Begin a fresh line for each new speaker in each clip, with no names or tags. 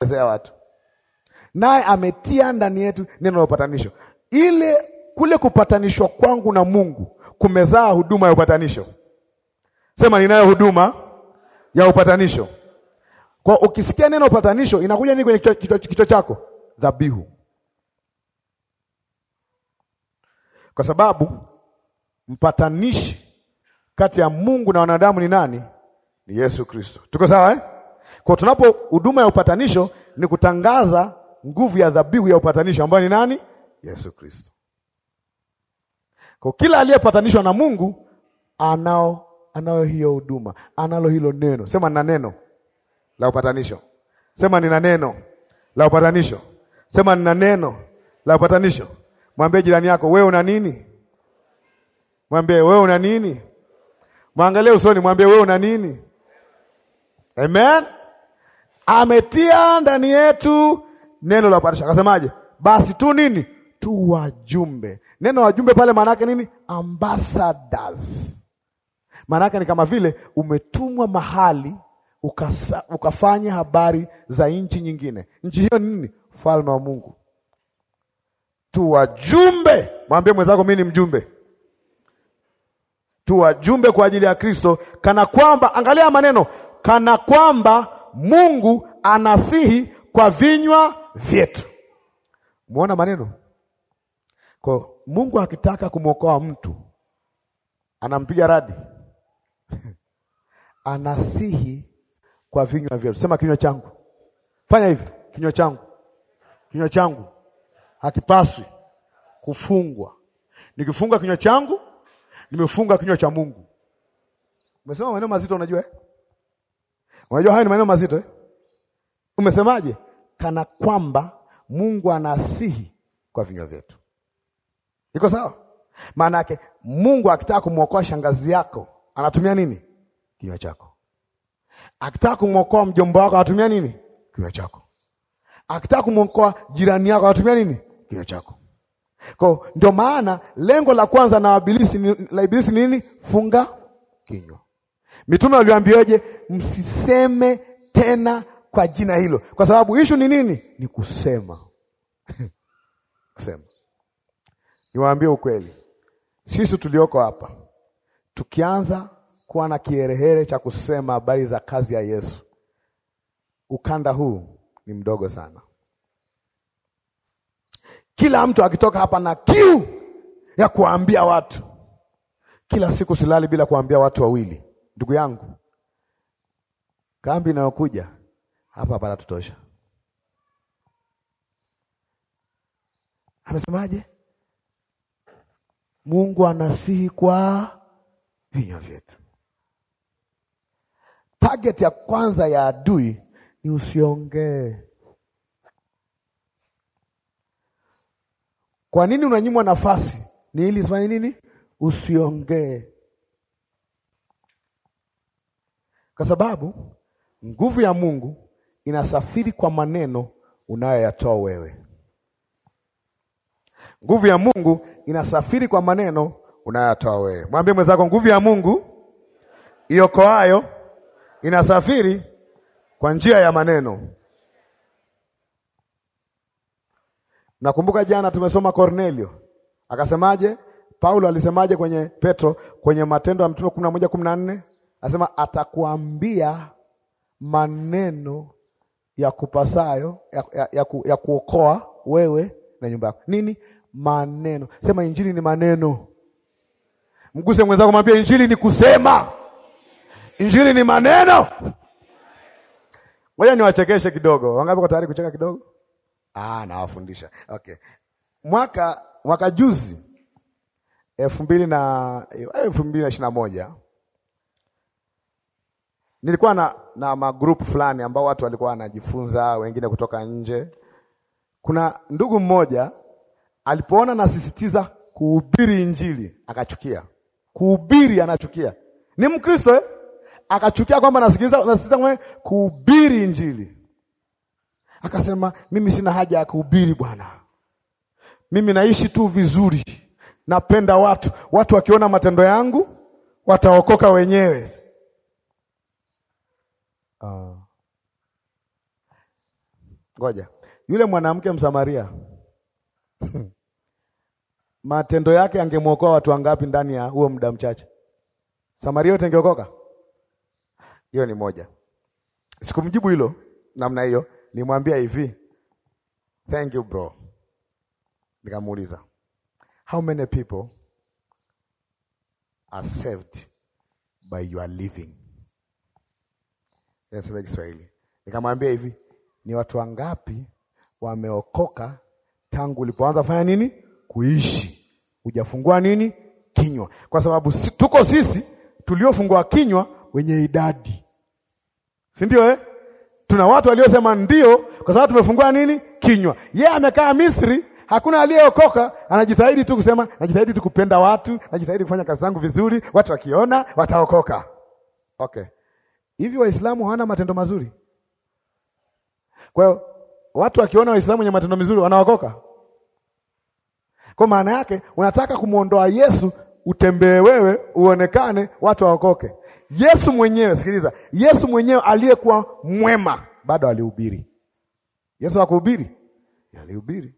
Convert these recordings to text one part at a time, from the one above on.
kuelezea watu, naye ametia ndani yetu neno la upatanisho. Ile kule kupatanishwa kwangu na Mungu kumezaa huduma ya upatanisho. Sema, ninayo huduma ya upatanisho. Kwa ukisikia neno upatanisho, inakuja nini kwenye kichwa chako? Dhabihu, kwa sababu mpatanishi kati ya Mungu na wanadamu ni nani? Ni Yesu Kristo. Tuko sawa eh? Kwa tunapo huduma ya upatanisho ni kutangaza nguvu ya dhabihu ya upatanisho ambayo ni nani? Yesu Kristo. Kwa kila aliyepatanishwa na Mungu anao anao hiyo huduma, analo hilo neno. Sema nina neno la upatanisho. Sema nina neno la upatanisho. Sema nina neno la upatanisho. Mwambie jirani yako, wewe una nini? Mwambie wewe una nini? Mwangalie usoni, mwambie wewe una nini? Amen ametia ndani yetu neno la upatanisho. Akasemaje? Basi tu nini, tu wajumbe. Neno wajumbe pale maana yake nini? Ambassadors. Maana yake ni kama vile umetumwa mahali ukasa, ukafanya habari za nchi nyingine. Nchi hiyo nini? Falme wa Mungu. Tu wajumbe, mwambie mwenzako, mimi ni mjumbe tu wajumbe kwa ajili ya Kristo, kana kwamba, angalia maneno, kana kwamba Mungu anasihi kwa vinywa vyetu. Muona maneno kwa Mungu akitaka kumwokoa mtu anampiga radi anasihi kwa vinywa vyetu. Sema kinywa changu, fanya hivi, kinywa changu, kinywa changu hakipaswi kufungwa. Nikifunga kinywa changu, nimefunga kinywa cha Mungu. Umesema maneno mazito, unajua eh? Unajua hayo ni maneno mazito eh? Umesemaje? Kana kwamba Mungu anasihi kwa vinywa vyetu. Iko sawa? Maana yake Mungu akitaka kumwokoa shangazi yako anatumia nini? Kinywa chako. Akitaka kumwokoa mjomba wako anatumia nini? Kinywa chako. Akitaka kumwokoa jirani yako anatumia nini? Kinywa chako. Kwa ndio maana lengo la kwanza na ibilisi ni, la ibilisi nini? Funga kinywa. Mitume waliambiwaje? Msiseme tena kwa jina hilo, kwa sababu ishu ni nini? Ni kusema kusema. Niwaambie ukweli, sisi tulioko hapa tukianza kuwa na kiherehere cha kusema habari za kazi ya Yesu, ukanda huu ni mdogo sana. Kila mtu akitoka hapa na kiu ya kuambia watu, kila siku silali bila kuwaambia watu wawili ndugu yangu, kambi inayokuja hapa hapa tutosha. Amesemaje? Mungu anasihi kwa vinywa vyetu. Target ya kwanza ya adui ni usiongee. Kwa nini unanyimwa nafasi? Ni ili sifanye nini? Usiongee. kwa sababu nguvu ya Mungu inasafiri kwa maneno unayoyatoa wewe. Nguvu ya Mungu inasafiri kwa maneno unayoyatoa wewe. Mwambie mwenzako, nguvu ya Mungu iokoayo inasafiri kwa njia ya maneno. Nakumbuka jana tumesoma Cornelio akasemaje, Paulo alisemaje kwenye Petro, kwenye Matendo ya Mtume kumi na moja kumi na nne Anasema atakuambia maneno ya kupasayo ya, ya, ya, ku, ya kuokoa wewe na nyumba yako. Nini? Maneno. Sema injili ni maneno. Mguse mwenzako, mwambie injili ni kusema, injili ni maneno. Ngoja niwachekeshe kidogo. Wangapi kwa tayari kucheka kidogo? Ah, nawafundisha. Okay. Mwaka mwaka juzi elfu mbili na eh, elfu mbili na ishirini na moja Nilikuwa na, na magrupu fulani ambao watu walikuwa wanajifunza, wengine kutoka nje. Kuna ndugu mmoja alipoona nasisitiza kuhubiri Injili akachukia kuhubiri, anachukia ni Mkristo eh? Akachukia kwamba nasikiliza nasisitiza mwe kuhubiri Injili, akasema mimi sina haja ya kuhubiri bwana, mimi naishi tu vizuri, napenda watu, watu wakiona matendo yangu wataokoka wenyewe. Ah. Ngoja uh, yule mwanamke Msamaria matendo yake angemwokoa watu wangapi ndani ya huo muda mchache? Samaria yote ingeokoka? Hiyo ni moja. Sikumjibu hilo namna hiyo, nimwambia hivi, thank you bro. Nikamuuliza, how many people are saved by your living? Nasema Kiswahili. Nikamwambia hivi, ni watu wangapi wameokoka tangu ulipoanza fanya nini? Kuishi. Hujafungua nini? Kinywa. Kwa sababu tuko sisi tuliofungua kinywa wenye idadi. Si ndio eh? Tuna watu waliosema ndio kwa sababu tumefungua nini? Kinywa. Yeye yeah, amekaa Misri, hakuna aliyeokoka, anajitahidi tu kusema, najitahidi tu kupenda watu, najitahidi kufanya kazi zangu vizuri, watu wakiona wataokoka. Okay. Hivi Waislamu hawana matendo mazuri? Kwa hiyo watu wakiona Waislamu wenye matendo mazuri wanaokoka. Kwa maana yake unataka kumwondoa Yesu, utembee wewe uonekane, watu waokoke. Yesu mwenyewe, sikiliza, Yesu mwenyewe aliyekuwa mwema bado alihubiri. Yesu akuhubiri, alihubiri.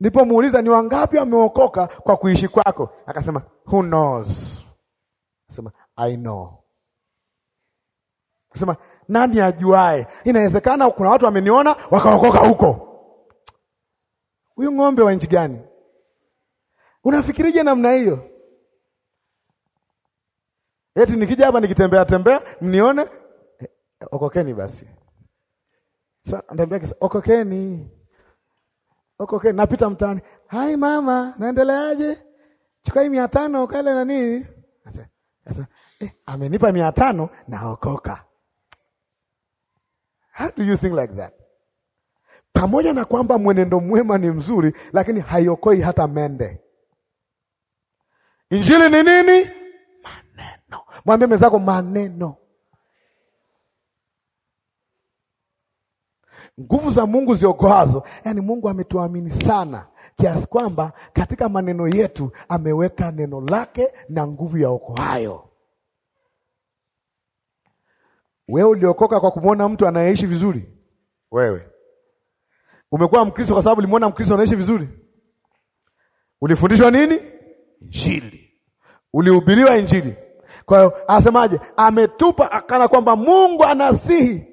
Nipomuuliza ni wangapi wameokoka kwa kuishi kwako, akasema who knows, akasema I know Nasema nani ajuae? Inawezekana kuna watu wameniona wakaokoka huko. Huyu ng'ombe wa nchi gani? Unafikirije namna hiyo? Eti nikija hapa nikitembea tembea mnione, eh, okokeni basi. Sasa ndambia kisa okokeni. Okokeni napita mtaani. Hai mama, naendeleaje? Chukua hii 500 kale na nini? Sasa eh, amenipa 500 naokoka. How do you think like that? Pamoja na kwamba mwenendo mwema ni mzuri, lakini haiokoi hata mende. Injili ni nini? Maneno. Mwambie mwenzako maneno. Nguvu za Mungu ziokoazo, yaani Mungu ametuamini sana kiasi kwamba katika maneno yetu ameweka neno lake na nguvu ya okoayo. Wewe uliokoka kwa kumwona mtu anayeishi vizuri? Wewe umekuwa Mkristo kwa sababu ulimwona Mkristo anaishi vizuri? Ulifundishwa nini? Injili. Ulihubiriwa Injili. Kwa hiyo asemaje? Ametupa akana kwamba Mungu anasihi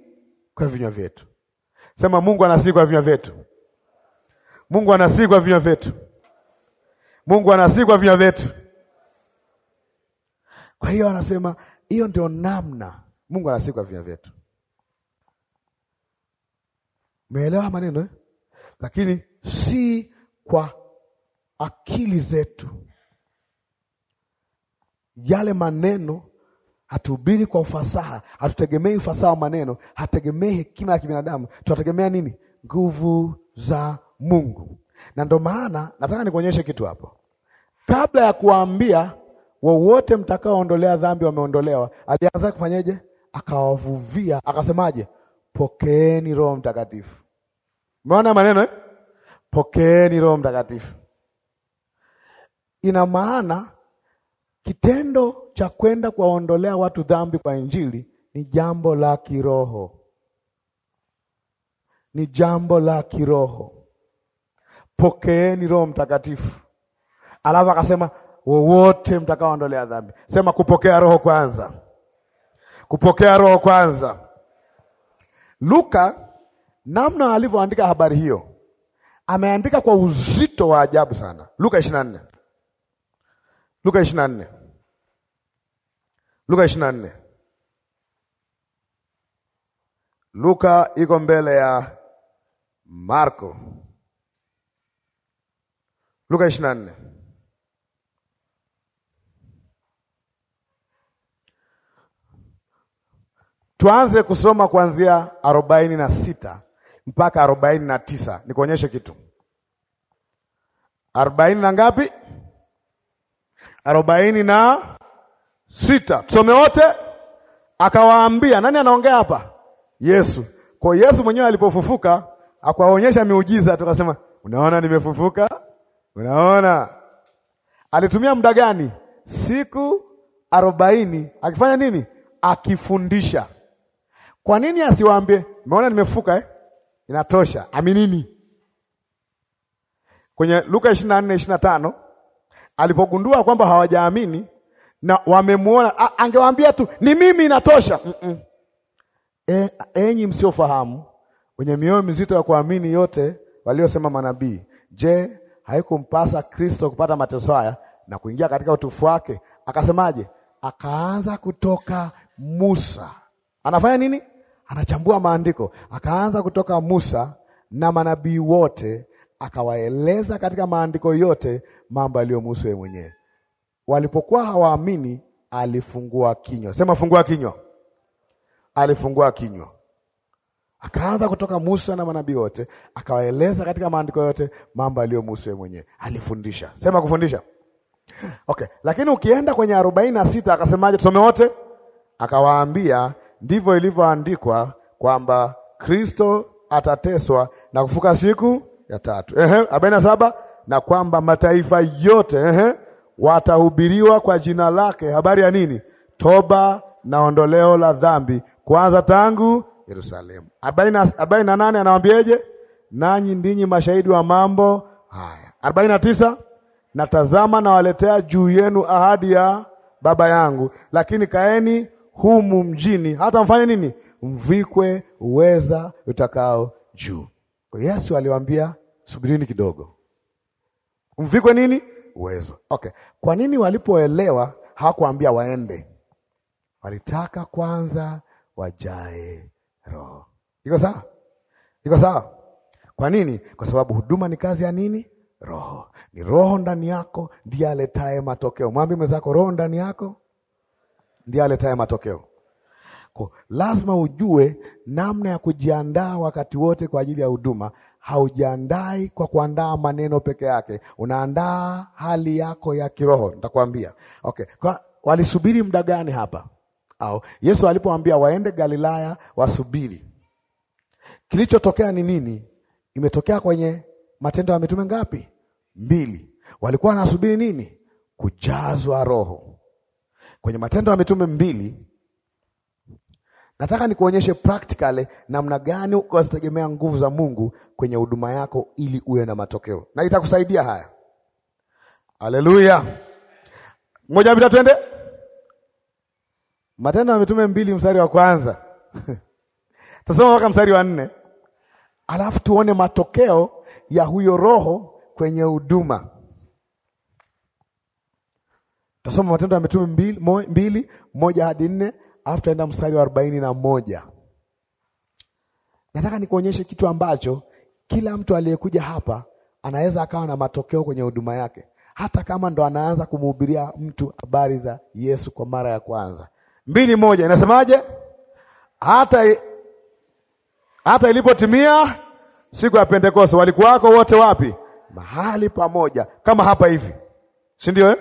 kwa vinywa vyetu. Sema Mungu anasihi kwa vinywa vyetu. Mungu anasihi kwa vinywa vyetu. Mungu anasihi kwa vinywa vyetu. Kwa hiyo anasema hiyo ndio namna Mungu anasikwa vinywa vyetu. Umeelewa maneno eh? Lakini si kwa akili zetu. Yale maneno hatuhubiri kwa ufasaha, hatutegemei ufasaha wa maneno, hategemei hekima ya kibinadamu, tunategemea nini? Nguvu za Mungu. Na ndo maana nataka nikuonyeshe kitu hapo, kabla ya kuwaambia wowote mtakaoondolea dhambi wameondolewa, alianza kufanyeje? akawavuvia, akasemaje? Pokeeni Roho Mtakatifu. Umeona maneno eh? Pokeeni Roho Mtakatifu. Ina maana kitendo cha kwenda kuwaondolea watu dhambi kwa Injili ni jambo la kiroho, ni jambo la kiroho. Pokeeni Roho Mtakatifu. Alafu akasema wowote mtakaoondolea dhambi, sema kupokea roho kwanza kupokea roho kwanza. Luka namna alivyoandika habari hiyo ameandika kwa uzito wa ajabu sana. Luka 24. Luka 24. Luka 24. Luka iko mbele ya Marko. Luka 24. Tuanze kusoma kuanzia arobaini na sita mpaka arobaini na tisa nikuonyeshe kitu. arobaini na ngapi? arobaini na sita. Tusome wote. Akawaambia, nani anaongea hapa? Yesu. Kwa Yesu mwenyewe alipofufuka akawaonyesha miujiza, tukasema unaona, nimefufuka. Unaona alitumia muda gani? Siku arobaini akifanya nini? Akifundisha. Kwa nini asiwaambie umeona nimefuka eh? Inatosha, aminini. Kwenye Luka 24 25 alipogundua kwamba hawajaamini na wamemwona, angewaambia tu ni mimi, inatosha. mm -mm. E, enyi msiofahamu wenye mioyo mizito ya kuamini yote waliosema manabii, je, haikumpasa Kristo kupata mateso haya na kuingia katika utukufu wake? Akasemaje? Akaanza kutoka Musa, anafanya nini? anachambua maandiko, akaanza kutoka Musa na manabii wote, akawaeleza katika maandiko yote mambo yaliyomhusu yeye mwenyewe. Walipokuwa hawaamini, alifungua kinywa. Sema fungua kinywa. Alifungua kinywa, akaanza kutoka Musa na manabii wote, akawaeleza katika maandiko yote mambo yaliyomhusu yeye mwenyewe. Alifundisha. Sema kufundisha. Okay, lakini ukienda kwenye arobaini na sita akasemaje? Tusome wote. Akawaambia, ndivyo ilivyoandikwa kwamba Kristo atateswa na kufuka siku ya tatu. Ehe, arobaini na saba na kwamba mataifa yote ehe, watahubiriwa kwa jina lake habari ya nini? Toba na ondoleo la dhambi, kwanza tangu Yerusalemu. arobaini na nane anawambiaje? Nanyi ndinyi mashahidi wa mambo haya. arobaini na tisa na nawaletea juu yenu ahadi ya Baba yangu, lakini kaeni humu mjini, hata mfanye nini? Mvikwe uweza utakao juu. Kwa Yesu aliwaambia subirini kidogo, mvikwe nini? Uwezo. Okay, kwa nini walipoelewa hawakuambia waende? Walitaka kwanza wajae Roho. Iko sawa? Iko sawa? Kwa nini? Kwa sababu huduma ni kazi ya nini? Roho. Ni Roho ndani yako ndiye aletaye matokeo. Mwambie mwenzako, Roho ndani yako ndiye aletaye matokeo. Kwa lazima ujue namna ya kujiandaa wakati wote kwa ajili ya huduma. Haujiandai kwa kuandaa maneno peke yake, unaandaa hali yako ya kiroho. Nitakwambia okay. Kwa walisubiri muda gani hapa? Au Yesu alipowaambia waende Galilaya wasubiri, kilichotokea ni nini? Imetokea kwenye Matendo ya Mitume ngapi? Mbili. Walikuwa wanasubiri nini? Kujazwa Roho kwenye Matendo ya Mitume mbili, nataka nikuonyeshe practically namna gani ukazitegemea nguvu za Mungu kwenye huduma yako ili uwe na matokeo, na itakusaidia haya. Haleluya, moja bila twende Matendo ya Mitume mbili mstari wa kwanza tasoma mpaka mstari wa nne alafu tuone matokeo ya huyo roho kwenye huduma. Tasoma Matendo ya Mitume mbili, mo, mbili moja hadi nne alafu taenda mstari wa arobaini na moja. Nataka nikuonyeshe kitu ambacho kila mtu aliyekuja hapa anaweza akawa na matokeo kwenye huduma yake, hata kama ndo anaanza kumhubiria mtu habari za Yesu kwa mara ya kwanza. mbili moja inasemaje? hata hata ilipotimia siku ya Pentekoste walikuwako wote wapi? Mahali pamoja, kama hapa hivi, si ndio eh?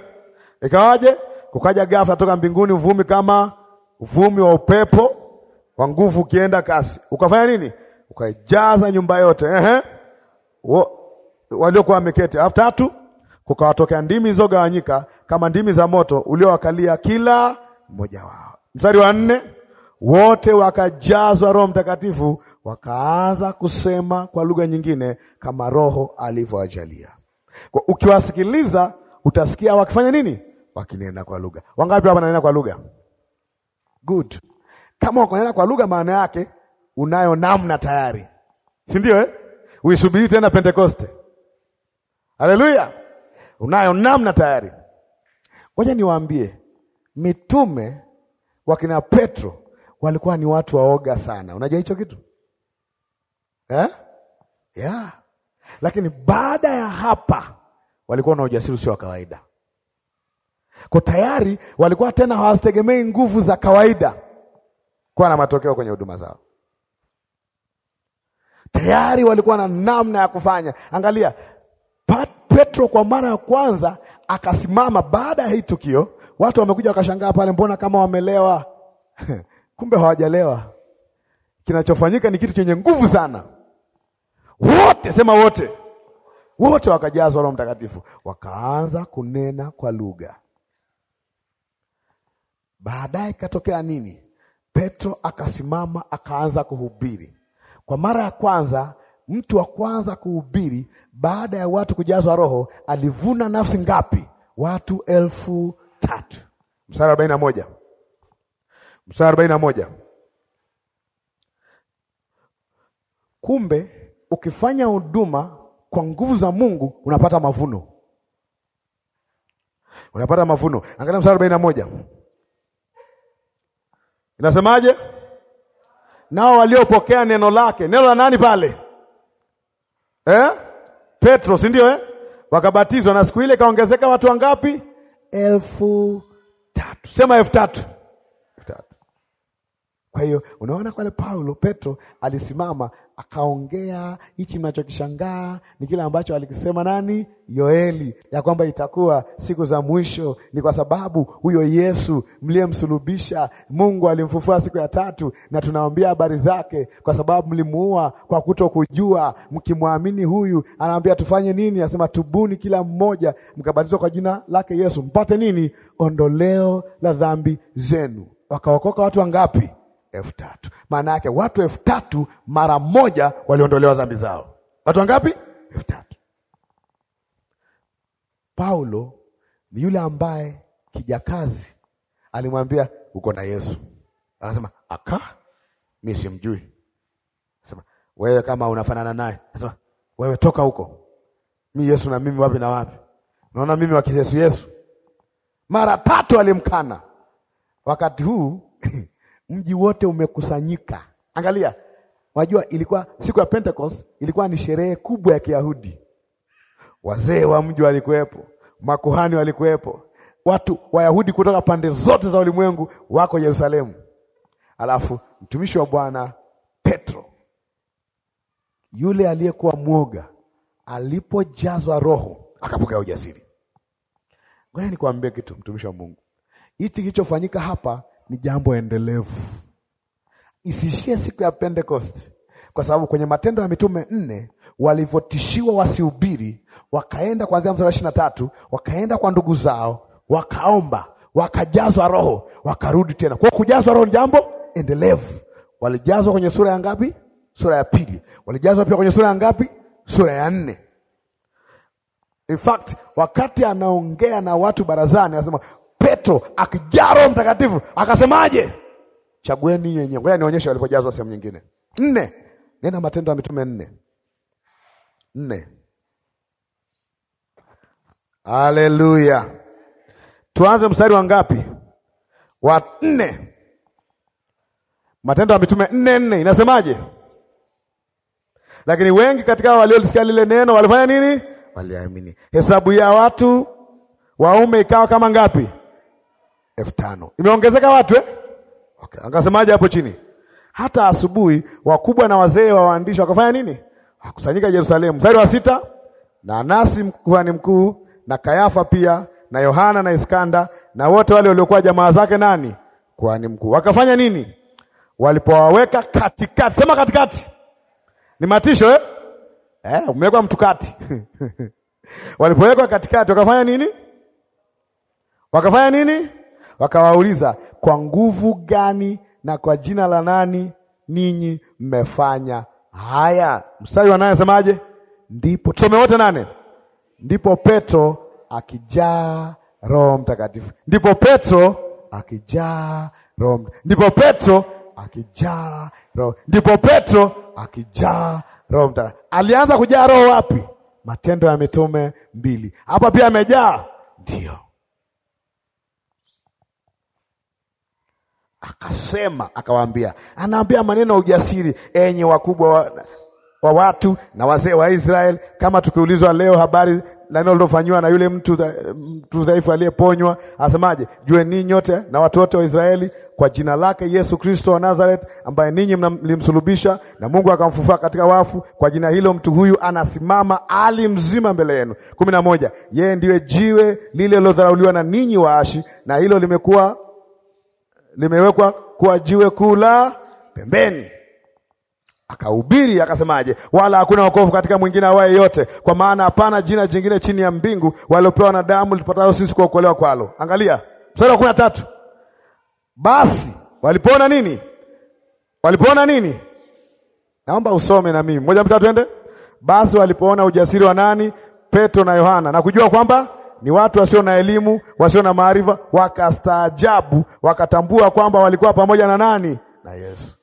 Ikawaje? Kukaja ghafla toka mbinguni uvumi kama uvumi wa upepo wa nguvu ukienda kasi, ukafanya nini? Ukaijaza nyumba yote. Ehe, waliokuwa wameketi. Alafu tatu, kukawatokea ndimi zilizogawanyika kama ndimi za moto uliowakalia kila mmoja wao. Mstari wa nne, wote wakajazwa Roho Mtakatifu wakaanza kusema kwa lugha nyingine kama Roho alivyoajalia. Ukiwasikiliza utasikia wakifanya nini? wakinena kwa lugha. Wangapi hapa wananena kwa lugha? Good. Kama unanena kwa lugha, maana yake unayo namna tayari, si ndio eh? Uisubiri tena Pentekoste. Haleluya, unayo namna tayari. Ngoja niwaambie, mitume wakina Petro walikuwa ni watu waoga sana. Unajua hicho kitu eh? Yeah. Lakini baada ya hapa walikuwa na ujasiri usio wa kawaida. Kwa tayari walikuwa tena hawazitegemei nguvu za kawaida kuwa na matokeo kwenye huduma zao. Tayari walikuwa na namna ya kufanya. Angalia Petro, kwa mara ya kwanza akasimama baada ya hii tukio. Watu wamekuja wakashangaa pale, mbona kama wamelewa? Kumbe hawajalewa. Kinachofanyika ni kitu chenye nguvu sana. Wote sema wote, wote wakajazwa Roho Mtakatifu, wakaanza kunena kwa lugha Baadaye katokea nini? Petro akasimama akaanza kuhubiri kwa mara ya kwanza. Mtu wa kwanza kuhubiri baada ya watu kujazwa Roho alivuna nafsi ngapi? Watu elfu tatu. Mstari arobaini na moja mstari arobaini na moja Kumbe ukifanya huduma kwa nguvu za Mungu unapata mavuno, unapata mavuno. Angalia mstari arobaini na moja Inasemaje? Nao waliopokea neno lake, neno la nani pale eh? Petro, si ndio eh? Wakabatizwa, na siku ile kaongezeka watu wangapi? elfu tatu. Sema elfu tatu. Kwa hiyo unaona, kwale Paulo Petro alisimama akaongea. Hichi mnachokishangaa ni kile ambacho alikisema nani? Yoeli, ya kwamba itakuwa siku za mwisho. Ni kwa sababu huyo Yesu mliyemsulubisha, Mungu alimfufua siku ya tatu, na tunawambia habari zake, kwa sababu mlimuua kwa kuto kujua. Mkimwamini huyu, anaambia tufanye nini? Anasema tubuni kila mmoja, mkabatizwa kwa jina lake Yesu, mpate nini? Ondoleo la dhambi zenu. Wakaokoka watu wangapi? elfu tatu. Maana yake watu elfu tatu mara moja waliondolewa dhambi zao. Watu wangapi? elfu tatu. Paulo ni yule ambaye kijakazi alimwambia uko na Yesu, akasema aka mi simjui. Sema wewe kama unafanana naye, sema wewe toka huko, mi Yesu na mimi wapi na wapi? Unaona mimi wakiyesu Yesu mara tatu alimkana. Wakati huu mji wote umekusanyika. Angalia, wajua, ilikuwa siku ya Pentecost, ilikuwa ni sherehe kubwa ya Kiyahudi. Wazee wa mji walikuwepo, makuhani walikuwepo, watu Wayahudi kutoka pande zote za ulimwengu wako Yerusalemu. Alafu mtumishi wa Bwana Petro yule aliyekuwa mwoga alipojazwa Roho akapokea ujasiri. Ngoja nikwambie kitu, mtumishi wa Mungu, hichi kilichofanyika hapa ni jambo endelevu, isiishie siku ya Pentecost, kwa sababu kwenye Matendo ya Mitume nne walivyotishiwa wasihubiri, wakaenda kuanzia mstari wa ishirini na tatu wakaenda kwa ndugu zao, wakaomba, wakajazwa Roho, wakarudi tena. Kwa kujazwa Roho ni jambo endelevu. Walijazwa kwenye sura ya ngapi? Sura ya pili. Walijazwa pia kwenye sura ya ngapi? Sura ya nne. In fact, wakati anaongea na watu barazani, anasema Petro akijaa Roho Mtakatifu akasemaje? Chagueni yenyewe. Ngoja nionyeshe walipojazwa sehemu nyingine. Nne, nena Matendo ya Mitume nne nne. Haleluya! Tuanze mstari wa ngapi? Wa nne. Matendo ya Mitume nne nne inasemaje? Lakini wengi katika hao waliolisikia lile neno walifanya nini? Waliamini. Hesabu ya watu waume ikawa kama ngapi? elfu tano imeongezeka watu eh? Okay. Angasemaje hapo chini? Hata asubuhi wakubwa na wazee wa waandishi wakafanya nini? Wakusanyika Yerusalemu. Mstari wa sita, na Anasi kuhani mkuu na Kayafa pia na Yohana na Iskanda na wote wale waliokuwa jamaa zake nani? Kuhani mkuu. Wakafanya nini? Walipowaweka katikati. Sema katikati. Ni matisho eh? Eh, umewekwa mtu kati. Walipowekwa katikati wakafanya nini? Wakafanya nini? wakawauliza, kwa nguvu gani na kwa jina la nani ninyi mmefanya haya? Mstari wa nane anasemaje? Ndipo tusome wote nane. Ndipo Petro akijaa Roho Mtakatifu, ndipo Petro akijaa Roho, ndipo Petro akijaa Roho, ndipo Petro akijaa Roho Mtakatifu. Alianza kujaa Roho wapi? Matendo ya Mitume mbili. Hapa pia amejaa, ndio Akasema akawaambia, anaambia maneno ya ujasiri, enye wakubwa wa, wa watu na wazee wa Israeli. Kama tukiulizwa leo habari la neno lilofanywa na yule mtu mtu dhaifu aliyeponywa, asemaje? Jue ninyi nyote na watu wote wa Israeli kwa jina lake Yesu Kristo wa Nazareth, ambaye ninyi mlimsulubisha na Mungu akamfufua katika wafu, kwa jina hilo mtu huyu anasimama ali mzima mbele yenu. kumi na moja, yeye ndiye jiwe lile lilodharauliwa na ninyi waashi, na hilo limekuwa limewekwa kwa jiwe kuu la pembeni. Akahubiri akasemaje, wala hakuna wokovu katika mwingine awaye yote, kwa maana hapana jina jingine chini ya mbingu waliopewa wanadamu lipatao sisi kuokolewa kwalo. Angalia mstari wa kumi na tatu. Basi walipoona nini? Walipoona nini? Naomba usome na mimi moja, mtatu, ende Basi walipoona ujasiri wa nani, Petro na Yohana, na kujua kwamba ni watu wasio na elimu, wasio na maarifa, wakastaajabu, wakatambua kwamba walikuwa pamoja na nani? Na Yesu.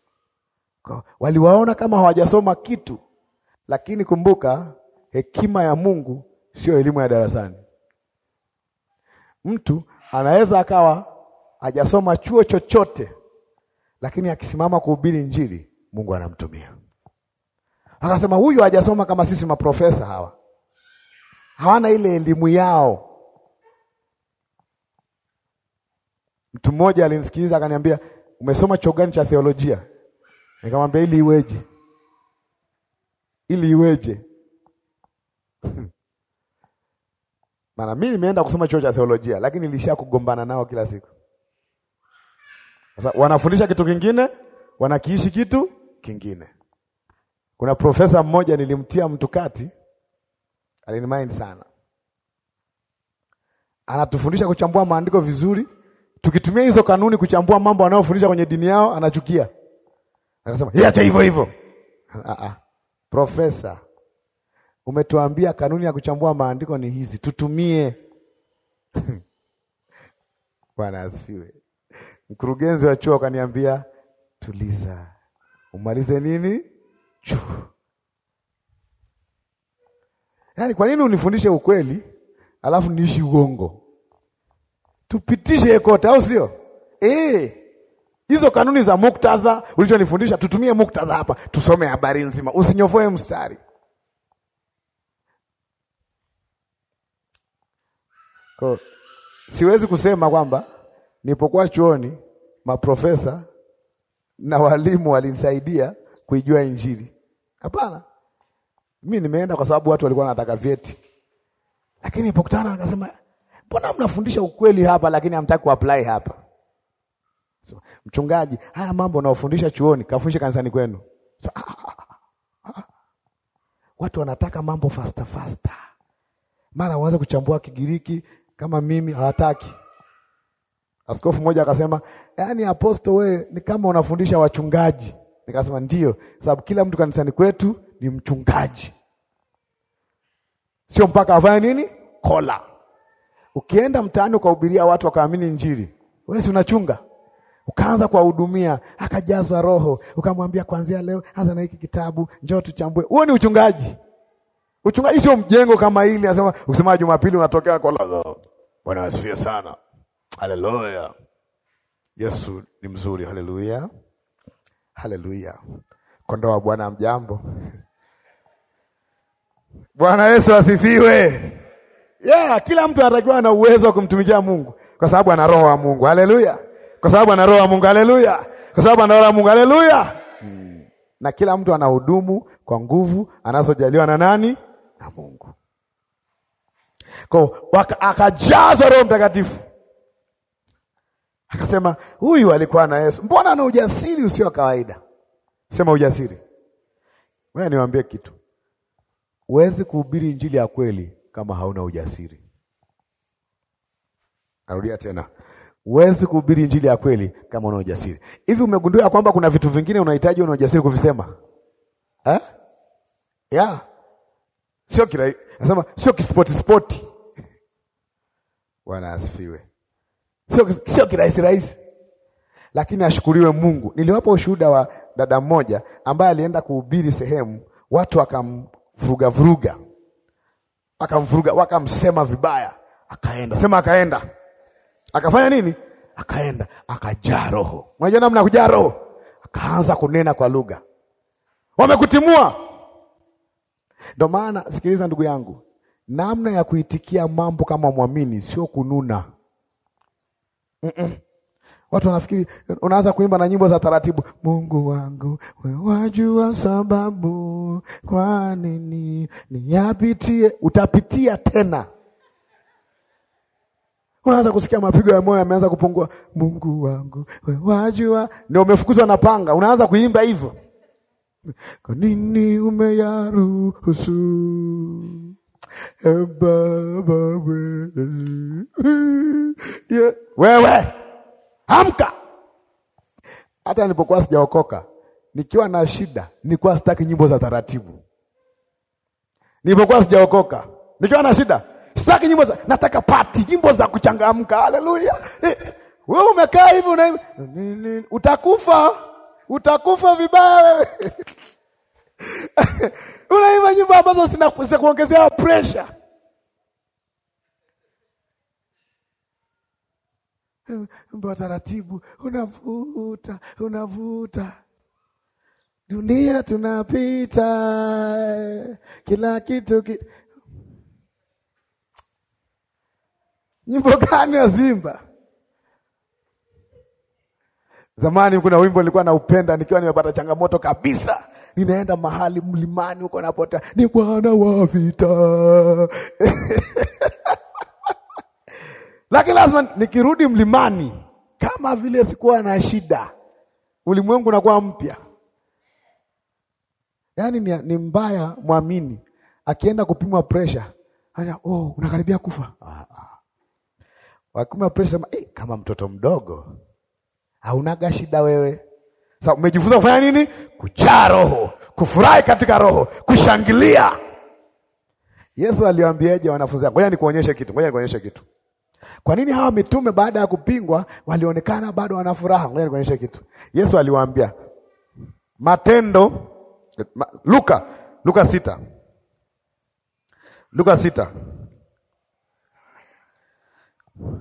Kwa, waliwaona kama hawajasoma kitu, lakini kumbuka, hekima ya Mungu sio elimu ya darasani. Mtu anaweza akawa hajasoma chuo chochote, lakini akisimama kuhubiri Injili Mungu anamtumia. Akasema huyu hajasoma kama sisi maprofesa hawa, hawana ile elimu yao Mtu mmoja alinisikiliza akaniambia, umesoma chuo gani cha theolojia? Nikamwambia, ili iweje? Ili iweje? Maana mimi nimeenda kusoma chuo cha theolojia, lakini nilisha kugombana nao kila siku. Sasa wanafundisha kitu kingine, wanakiishi kitu kingine. Kuna profesa mmoja nilimtia mtu kati, alinimind sana, anatufundisha kuchambua maandiko vizuri Tukitumia hizo kanuni kuchambua mambo anayofundisha kwenye dini yao, anachukia, akasema acha hivyo hivyo. Ah, ah. Profesa, umetuambia kanuni ya kuchambua maandiko ni hizi, tutumie. Bwana asifiwe. Mkurugenzi wa chuo akaniambia, tuliza, umalize nini chuo? Yaani, kwa nini unifundishe ukweli alafu niishi uongo? tupitishe kote, au sio? Eh, hizo kanuni za muktadha ulichonifundisha, tutumie muktadha hapa, tusome habari nzima, usinyofoe mstari. Kwa siwezi kusema kwamba nilipokuwa chuoni maprofesa na walimu walinisaidia kuijua Injili. Hapana, mi nimeenda kwa sababu watu walikuwa wanataka vyeti, lakini nilipokutana nikasema mbona mnafundisha ukweli hapa lakini hamtaki kuapply hapa? So, mchungaji, haya mambo unaofundisha chuoni kafundisha kanisani kwenu. So, ah ah ah, ah, ah, ah. Watu wanataka mambo faster faster, mara waanze kuchambua Kigiriki kama mimi hawataki. Askofu mmoja akasema, yaani aposto, we ni kama unafundisha wachungaji. Nikasema ndio, sababu kila mtu kanisani kwetu ni mchungaji, sio mpaka afanye nini kola Ukienda mtaani ukahubiria watu wakaamini Injili, wewe si unachunga? Ukaanza kuwahudumia, akajazwa Roho, ukamwambia kuanzia leo hasa na hiki kitabu, njoo tuchambue. Huo ni uchungaji. Uchungaji sio mjengo kama hili, anasema ukisema Jumapili unatokea kwa lazo. Bwana asifiwe sana, haleluya. Yesu ni mzuri, haleluya, haleluya. Kondoo wa Bwana, mjambo. Bwana Yesu asifiwe. Yeah, kila mtu anatakiwa na uwezo wa kumtumikia Mungu kwa sababu ana roho wa Mungu. Haleluya. Kwa sababu ana roho wa Mungu. Haleluya. Kwa sababu ana roho wa Mungu. Haleluya. Hmm. Na kila mtu anahudumu kwa nguvu anazojaliwa na nani? Na Mungu. Kwa akajazwa Roho Mtakatifu. Akasema huyu alikuwa na Yesu. Mbona ana ujasiri usio wa kawaida? Sema ujasiri. Wewe niwaambie kitu. Huwezi kuhubiri injili ya kweli kama hauna ujasiri. Narudia tena, huwezi kuhubiri injili ya kweli kama una ujasiri. Hivi umegundua kwamba kuna vitu vingine unahitaji una ujasiri kuvisema eh? Yeah. Sio kila nasema, sio kispoti spoti. Bwana asifiwe. Sio sio kirahisi rahisi, lakini ashukuriwe Mungu. Niliwapa ushuhuda wa dada mmoja ambaye alienda kuhubiri sehemu, watu vuruga akamvuruga, wakamsema vibaya, akaenda. Sema akaenda, akafanya nini? Akaenda akajaa roho. Unajua namna kujaa roho, akaanza kunena kwa lugha, wamekutimua. ndo maana sikiliza, ndugu yangu, namna ya kuitikia mambo kama mwamini sio kununa. Mm -mm. Watu wanafikiri unaanza kuimba na nyimbo za taratibu, Mungu wangu wewajua sababu kwa nini niyapitie. Utapitia tena, unaanza kusikia mapigo ya moyo yameanza kupungua. Mungu wangu wewajua, ndio umefukuzwa na panga, unaanza kuimba hivyo, kwa nini umeyaruhusu eh, wewe amka. Hata nilipokuwa sijaokoka nikiwa na shida, nilikuwa sitaki nyimbo za taratibu. Nilipokuwa sijaokoka nikiwa na shida, sitaki nyimbo za, nataka pati, nyimbo za kuchangamka. Haleluya! Wewe umekaa hivi una utakufa, utakufa vibaya wewe unaimba nyimbo ambazo zinakuongezea pressure mbwa taratibu, unavuta unavuta. Dunia tunapita, kila kitu ki... nyimbo gani zimba zamani? Kuna wimbo nilikuwa naupenda nikiwa nimepata changamoto kabisa ninaenda mahali mlimani huko, napotea ni Bwana wa vita Lakini lazima nikirudi mlimani, kama vile sikuwa na shida, ulimwengu unakuwa mpya. Yaani ni, ni mbaya mwamini akienda kupimwa presha haya, oh, unakaribia kufa. Ah, ah. Wakipimwa presha sema, eh, kama mtoto mdogo haunaga shida wewe. Sasa umejifunza kufanya nini? Kuchaa roho, kufurahi katika roho, kushangilia. Yesu aliwaambiaje wanafunzi wake? Ngoja nikuonyeshe kitu, ngoja nikuonyeshe kitu. Kwa nini hawa mitume baada ya kupingwa walionekana bado wana furaha? Ngoja nikuonyeshe kitu. Yesu aliwaambia Matendo ma, Luka Luka sita Luka sita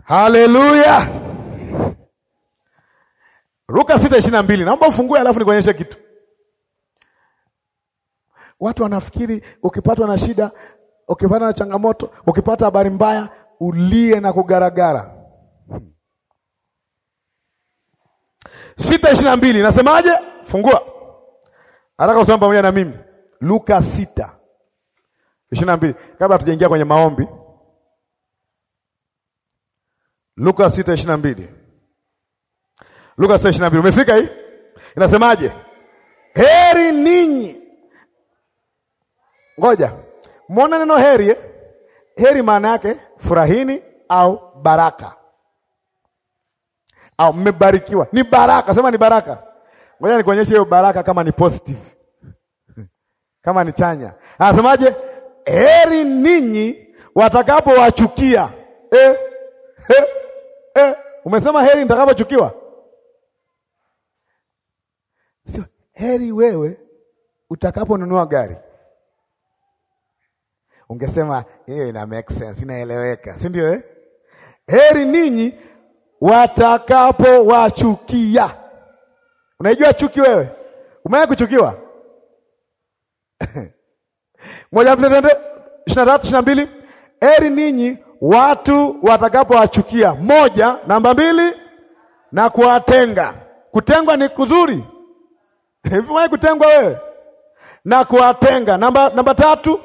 Haleluya. Luka sita ishirini na mbili. Naomba ufungue alafu nikuonyeshe kitu. Watu wanafikiri ukipatwa na shida, ukipatwa na changamoto, ukipata habari mbaya ulie na kugaragara. sita ishirini na mbili nasemaje? Fungua, nataka usome pamoja na mimi Luka sita ishirini na mbili kabla hatujaingia kwenye maombi. Luka sita ishirini na mbili Luka sita ishirini na mbili umefika hii, inasemaje? Heri ninyi, ngoja mwona neno heri eh? heri maana yake furahini au baraka au mmebarikiwa, ni baraka. Sema ni baraka. Ngoja nikuonyeshe hiyo baraka, kama ni positive, kama ni chanya. Anasemaje? heri ninyi watakapowachukia eh, eh, eh. Umesema heri nitakapochukiwa, sio heri wewe utakaponunua gari Ungesema hiyo ina make sense, inaeleweka, si ndio eh? Heri ninyi watakapowachukia. Unaijua chuki wewe? Umewahi kuchukiwa? moja mtetende ishirini na tatu ishirini na mbili heri ninyi watu watakapowachukia, moja namba mbili na kuwatenga. Kutengwa ni kuzuri hivi? wewe kutengwa wewe na kuwatenga? Namba, namba tatu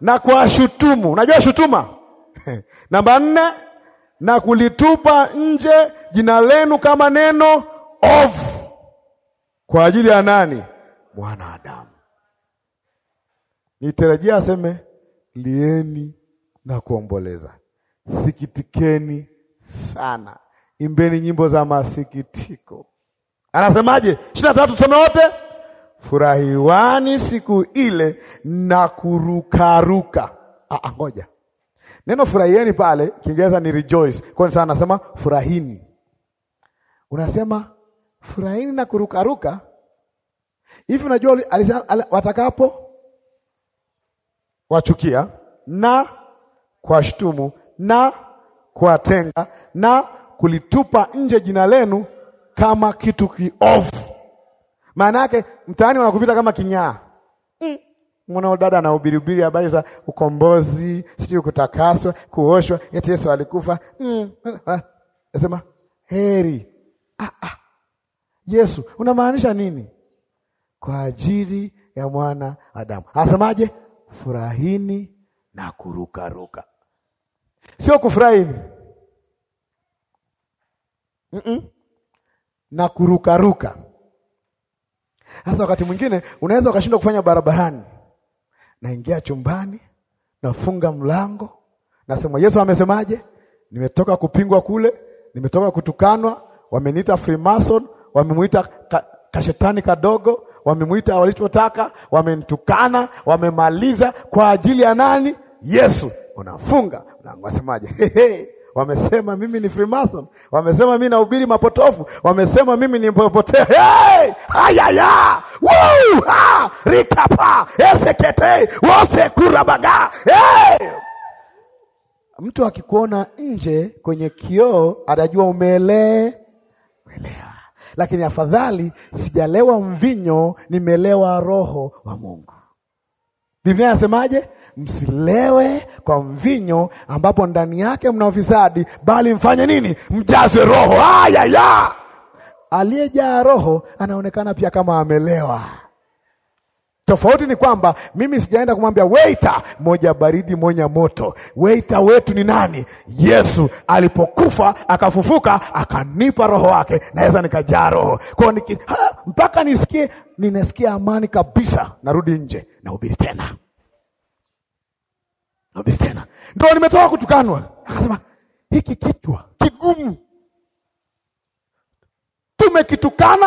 na kuwashutumu. Unajua shutuma namba nne, na kulitupa nje jina lenu kama neno ovu kwa ajili ya nani? Mwanadamu. Nitarajia aseme lieni na kuomboleza, sikitikeni sana, imbeni nyimbo za masikitiko. Anasemaje? ishirini na tatu, tusome wote furahiwani siku ile na kurukaruka. Ah, ah, ngoja neno furahieni pale Kiingereza ni rejoice, nini sana nasema furahini, unasema furahini na kurukaruka hivi. Unajua watakapo wachukia na kuwashutumu na kuwatenga na kulitupa nje jina lenu kama kitu kiovu maana yake mtaani wanakupita kama kinyaa. Mm. Mwana dada anahubiri habari za ukombozi, sijui kutakaswa, kuoshwa, eti Yesu alikufa. Mm. Nasema heri. Ah, ah. Yesu, unamaanisha nini? Kwa ajili ya mwana Adamu. Asemaje? Furahini na kurukaruka. Sio kufurahini. Mm -mm. Na kurukaruka. Sasa wakati mwingine unaweza ukashindwa kufanya barabarani, naingia chumbani, nafunga mlango, nasema Yesu amesemaje? Nimetoka kupingwa kule, nimetoka kutukanwa, wameniita Freemason, wamemuita ka, kashetani kadogo, wamemuita walichotaka, wamenitukana, wamemaliza. Kwa ajili ya nani? Yesu. Unafunga mlango, asemaje? Wamesema mimi ni Freemason, wamesema mimi nahubiri mapotofu, wamesema mimi nimepotea. Hey! Ayaya! Woo! Ha! Rikapa! Esekete! Wose kurabaga! Hey! Mtu akikuona nje kwenye kioo atajua umeelewa. Lakini afadhali sijalewa mvinyo, nimelewa roho wa Mungu. Biblia inasemaje? msilewe kwa mvinyo ambapo ndani yake mna ufisadi, bali mfanye nini? Mjaze Roho. Haya ya aliyejaa Roho anaonekana pia kama amelewa. Tofauti ni kwamba mimi sijaenda kumwambia waiter, moja baridi moja moto. Waiter wetu ni nani? Yesu alipokufa akafufuka, akanipa roho wake, naweza nikajaa roho kwao niki, mpaka nisikie, ninasikia amani kabisa, narudi nje, nahubiri tena. Narudia tena, ndo nimetoka kutukanwa. Akasema hiki kichwa kigumu, tumekitukana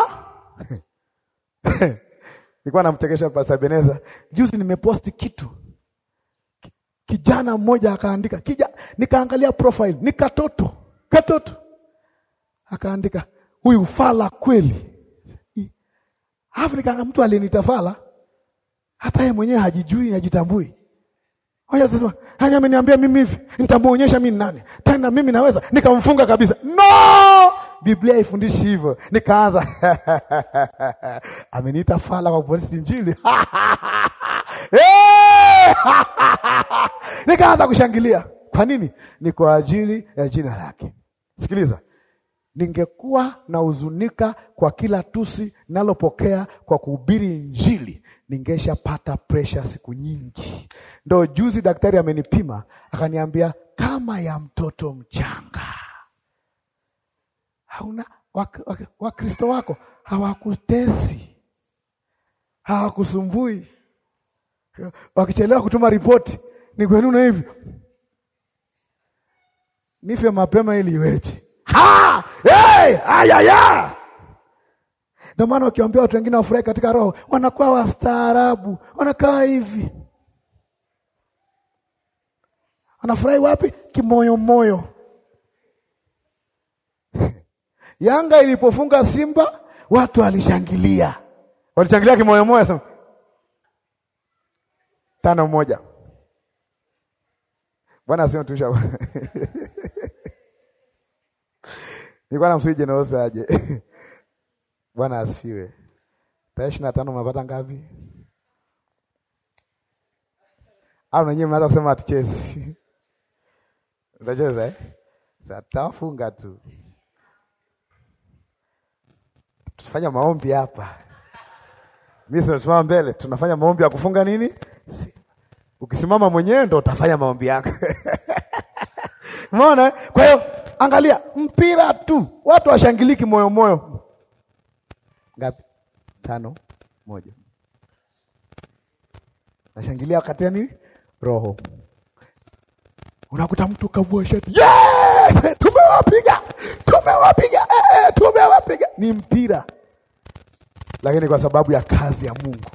nilikuwa namchekesha Pasabeneza juzi, nimeposti kitu kijana mmoja akaandika kija, nikaangalia profile ni katoto katoto, akaandika huyu ufala kweli. Alafu nikaanga mtu alinitafala, hata yeye mwenyewe hajijui hajitambui. Wacha yaani ameniambia mimi hivi, nitamuonyesha mimi nani. Tena mimi naweza nikamfunga kabisa. No! Biblia haifundishi hivyo. Nikaanza ameniita fala kwa polisi injili. Nikaanza kushangilia. Kwa nini? Ni kwa ajili ya jina lake. Sikiliza. Ningekuwa nahuzunika kwa kila tusi nalopokea kwa kuhubiri Injili ningeshapata presha siku nyingi. Ndo juzi daktari amenipima akaniambia kama ya mtoto mchanga. Hauna Wakristo wak, wako hawakutesi, hawakusumbui. Wakichelewa kutuma ripoti ni kwenu na hivi nife mapema ili iweje? Hey, ayaya ndio maana ukiambia watu wengine wafurahi katika roho, wanakuwa wastaarabu, wanakaa hivi. Anafurahi wapi? Kimoyomoyo. Yanga ilipofunga Simba watu walishangilia, walishangilia kimoyomoyo sema Tano moja, Bwana sio tusha nilikuwa namsui jenerosi aje Bwana asifiwe. Tarehe ishirini na tano unapata ngapi? Au nanyewe mnaanza kusema hatuchezi? Utacheza eh? Sasa tu, tufanya maombi hapa. Mimi sinasimama mbele, tunafanya maombi ya kufunga nini? Ukisimama mwenyewe ndo utafanya maombi yako Umeona? Eh? Kwa hiyo angalia, mpira tu, watu washangiliki moyo moyo tano moja. Nashangilia wakati yani roho unakuta mtu kavua shati yes! tumewapiga tumewapiga eh, eh, tumewapiga ni mpira, lakini kwa sababu ya kazi ya Mungu,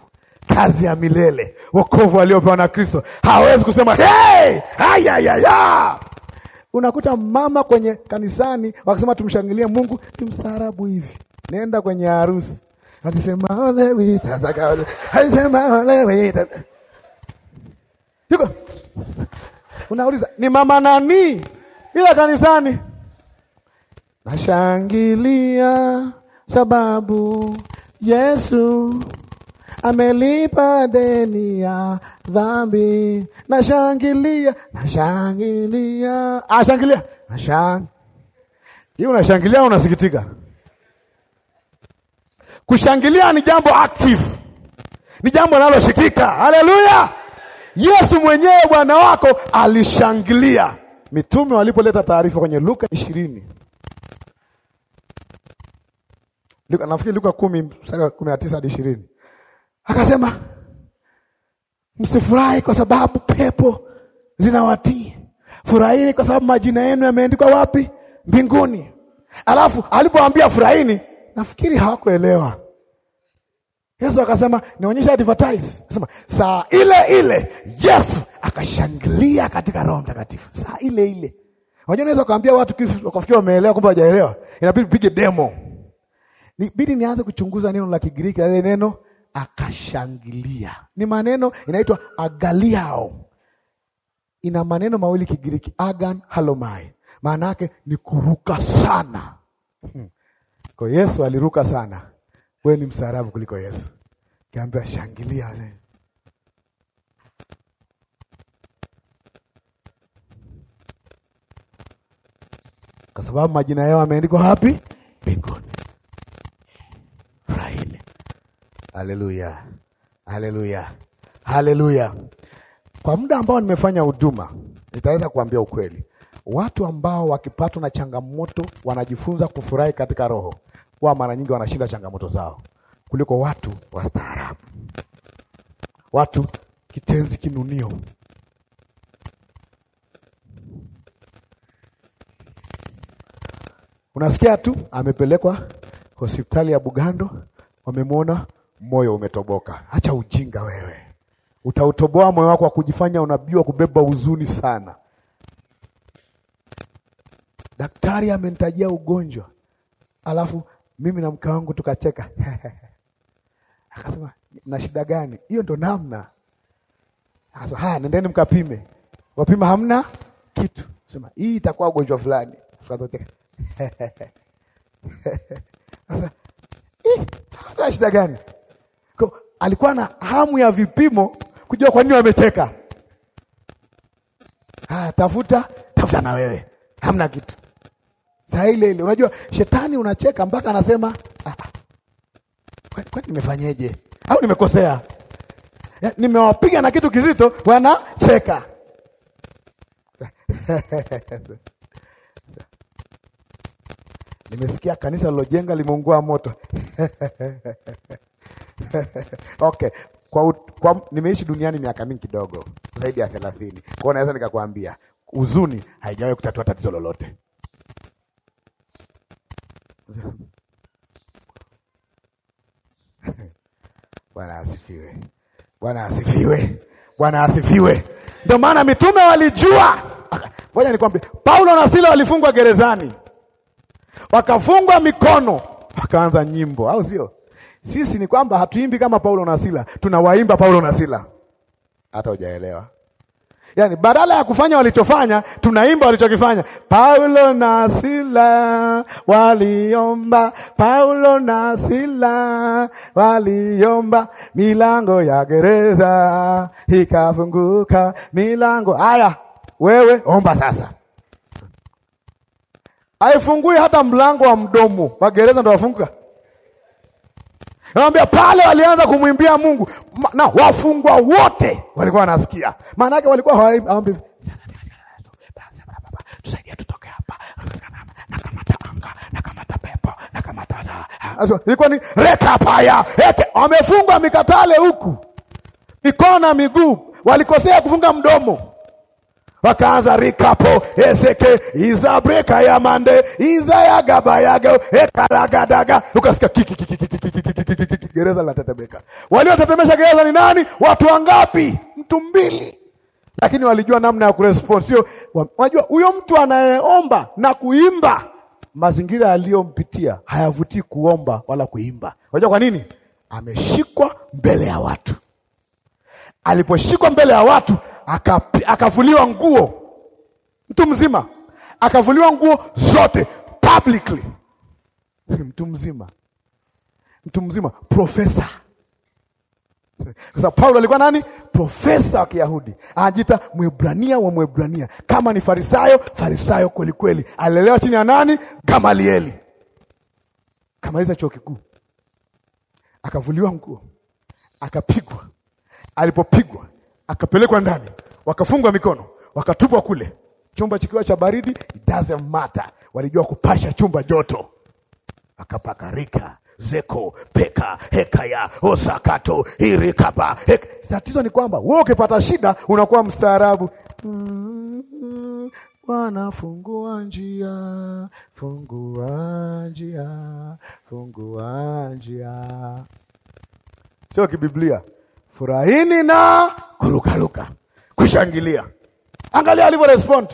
kazi ya milele, wokovu aliopewa na Kristo, hawezi kusema hey! ayayaya Unakuta mama kwenye kanisani wakasema tumshangilie Mungu, mstaarabu hivi, nenda kwenye harusi Alisema ole wita ole Alisema ole wita. Yuko. Unauliza ni mama nani? Ila kanisani. Nashangilia sababu Yesu amelipa deni ya dhambi. Nashangilia, nashangilia, ashangilia, ah, nashang. Hiyo unashangilia, unasikitika Kushangilia ni jambo active, ni jambo linaloshikika. Haleluya! Yesu mwenyewe Bwana wako alishangilia mitume walipoleta taarifa kwenye Luka ishirini nafikiri Luka kumi mstari wa kumi na tisa hadi ishirini akasema msifurahi kwa sababu pepo zinawatii, furahini kwa sababu majina yenu yameandikwa wapi? Mbinguni. Alafu alipoambia furahini, Nafikiri hawakuelewa. Yesu akasema nionyesha advertise. Akasema saa ile ile Yesu akashangilia katika Roho Mtakatifu. Saa ile ile. Wajua unaweza kuambia watu wakafikia wameelewa kumbe hawajaelewa. Inabidi pige demo. Nibidi nianze kuchunguza neno la Kigiriki lile neno akashangilia. Ni maneno inaitwa agaliao. Ina maneno mawili Kigiriki, agan halomai. Maana yake ni kuruka sana. Hmm. Kwa Yesu aliruka sana, we ni msarabu kuliko Yesu. Kaambiwa shangilia. Kwa sababu majina yao ameandikwa hapi mbinguni. Furahini. Haleluya, haleluya, haleluya. Kwa muda ambao nimefanya huduma, nitaweza kuambia ukweli Watu ambao wakipatwa na changamoto wanajifunza kufurahi katika roho, kwa mara nyingi wanashinda changamoto zao kuliko watu wastaarabu, watu kitenzi kinunio. Unasikia tu amepelekwa hospitali ya Bugando, wamemwona moyo umetoboka. Acha ujinga wewe, utautoboa moyo wako wa kujifanya unabiwa kubeba huzuni sana daktari amenitajia ugonjwa, alafu mimi na mke wangu tukacheka akasema na shida gani hiyo? Ndo namna akasema, haya, nendeni mkapime. Wapima hamna kitu, sema hii itakuwa ugonjwa fulani. Tukatoteka sasa, shida gani? Kwa alikuwa na hamu ya vipimo kujua kwa nini wamecheka. tafuta tafuta na wewe, hamna kitu saa ile ile. Unajua shetani unacheka mpaka anasema ah, ah. kwani nimefanyeje au nimekosea? Eh, nimewapiga na kitu kizito, wanacheka Nimesikia kanisa lilojenga limeungua moto okay. Kwa, kwa, nimeishi duniani miaka mingi kidogo zaidi ya thelathini, kwa hiyo naweza nikakwambia huzuni haijawahi kutatua tatizo lolote. Bwana asifiwe, Bwana asifiwe, Bwana asifiwe. Ndio maana mitume walijua. Ngoja nikwambie, Paulo na Sila walifungwa gerezani, wakafungwa mikono, wakaanza nyimbo, au sio? Sisi ni kwamba hatuimbi kama Paulo na Sila, tunawaimba Paulo na Sila, hata hujaelewa Yaani badala ya kufanya walichofanya, tunaimba walichokifanya. Paulo na Sila waliomba, Paulo na Sila waliomba, milango ya gereza ikafunguka, milango haya. Wewe omba sasa, haifungui hata mlango wa mdomo wa gereza, ndo wafunguka Anamwambia pale walianza kumwimbia Mungu na wafungwa wote walikuwa wanasikia. Maana yake walikuwa hawaambi tusaidie tutoke hapa. Nakamata anga, nakamata pepo, nakamata sasa. ilikuwa ni reka paya. Ete wamefungwa mikatale huku. Mikono na miguu. Walikosea kufunga mdomo. Wakaanza rikapo eseke izabreka ya mande izayagabayaga ekaragadaga, ukasikia gereza linatetemeka. Waliotetemesha gereza ni nani? Watu wangapi? Mtu mbili, lakini walijua namna ya kurespond. Sio unajua, huyo mtu anayeomba na kuimba, mazingira aliyompitia hayavutii kuomba wala kuimba. Unajua kwa nini? Ameshikwa mbele ya watu. Aliposhikwa mbele ya watu aka, akavuliwa nguo, mtu mzima akavuliwa nguo zote publicly, mtu mzima, mtu mzima, profesa kwa sababu Paulo alikuwa nani? Profesa wa Kiyahudi, anajiita Mwebrania wa Mwebrania, kama ni Farisayo, Farisayo kweli kweli. chini ya nani? Gamalieli. Kamaliza chuo kikuu, akavuliwa nguo, akapigwa. Alipopigwa akapelekwa ndani, wakafungwa mikono, wakatupwa kule, chumba chikiwa cha baridi, it doesn't matter. Walijua kupasha chumba joto, akapakarika zeko peka hekaya osakato hirikapa hek. Tatizo ni kwamba wewe ukipata shida unakuwa mstaarabu. Mm-hmm. Bwana fungua njia, fungua njia, fungua njia, sio kibiblia furahini na kurukaruka, kushangilia. Angalia alivyo respond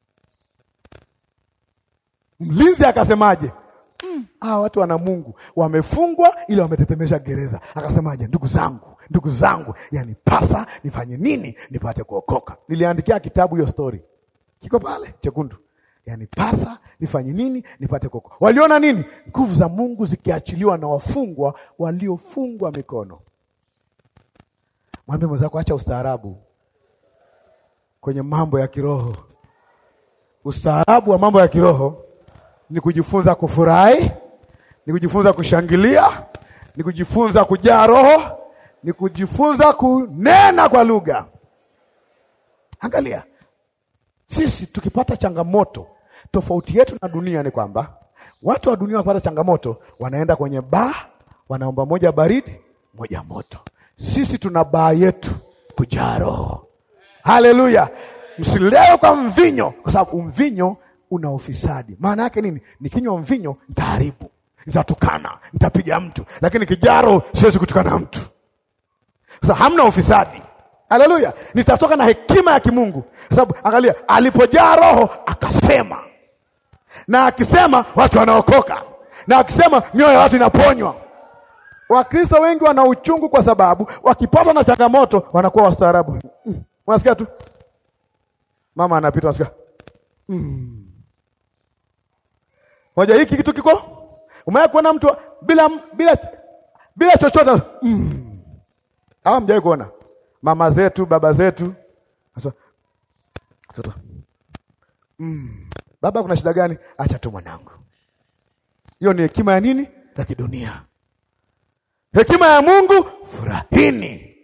mlinzi akasemaje? ah, watu wana Mungu wamefungwa, ili wametetemesha gereza. Akasemaje? ndugu zangu, ndugu zangu, yani pasa nifanye nini nipate kuokoka? Niliandikia kitabu hiyo story, kiko pale chekundu pasa nifanye nini nipate kuokoka. Waliona nini? Nguvu za Mungu zikiachiliwa na wafungwa waliofungwa mikono. Mwambie mwenzako, acha ustaarabu kwenye mambo ya kiroho. Ustaarabu wa mambo ya kiroho ni kujifunza kufurahi, ni kujifunza kushangilia, ni kujifunza kujaa Roho, ni kujifunza kunena kwa lugha. Angalia, sisi tukipata changamoto Tofauti yetu na dunia ni kwamba watu wa dunia wakipata changamoto wanaenda kwenye baa, wanaomba moja baridi, moja moto. Sisi tuna baa yetu kujaa roho. Haleluya! Msilewe kwa mvinyo, kwa sababu mvinyo una ufisadi. Maana yake nini? Nikinywa mvinyo nitaharibu, nitatukana, nitapiga mtu, lakini kijaro siwezi kutukana mtu, kwa sababu hamna ufisadi. Haleluya! Nitatoka na hekima ya Kimungu, kwa sababu angalia, alipojaa roho akasema na akisema watu wanaokoka, na akisema mioyo ya watu inaponywa. Wakristo wengi wana uchungu kwa sababu wakipatwa na changamoto wanakuwa wastaarabu. Mm. Unasikia tu mama anapita, unasikia mm. moja, hiki kitu kiko umewahi kuona mtu bila bila bila chochote mm. Hawa mjawahi kuona mama zetu baba zetu mtoto mm. Baba, kuna shida gani? Acha tu mwanangu. Hiyo ni hekima ya nini? ya kidunia. Hekima ya Mungu, furahini.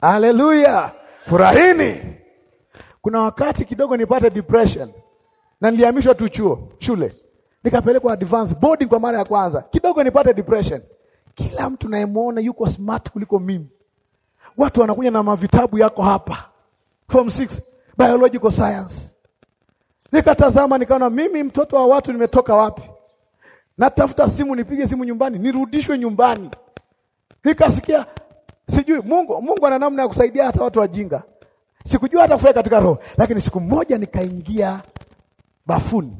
aleluya furahini. Kuna wakati kidogo nipate depression na nilihamishwa tu chuo shule, nikapelekwa advance boarding kwa mara ya kwanza, kidogo nipate depression. Kila mtu nayemwona yuko smart kuliko mimi, watu wanakuja na mavitabu yako hapa, form 6 biological science Nikatazama nikaona mimi mtoto wa watu nimetoka wapi? Natafuta simu nipige simu nyumbani, nirudishwe nyumbani. Nikasikia sijui Mungu, Mungu ana namna ya kusaidia hata watu wajinga. Sikujua hata kufanya katika roho, lakini siku moja nikaingia bafuni.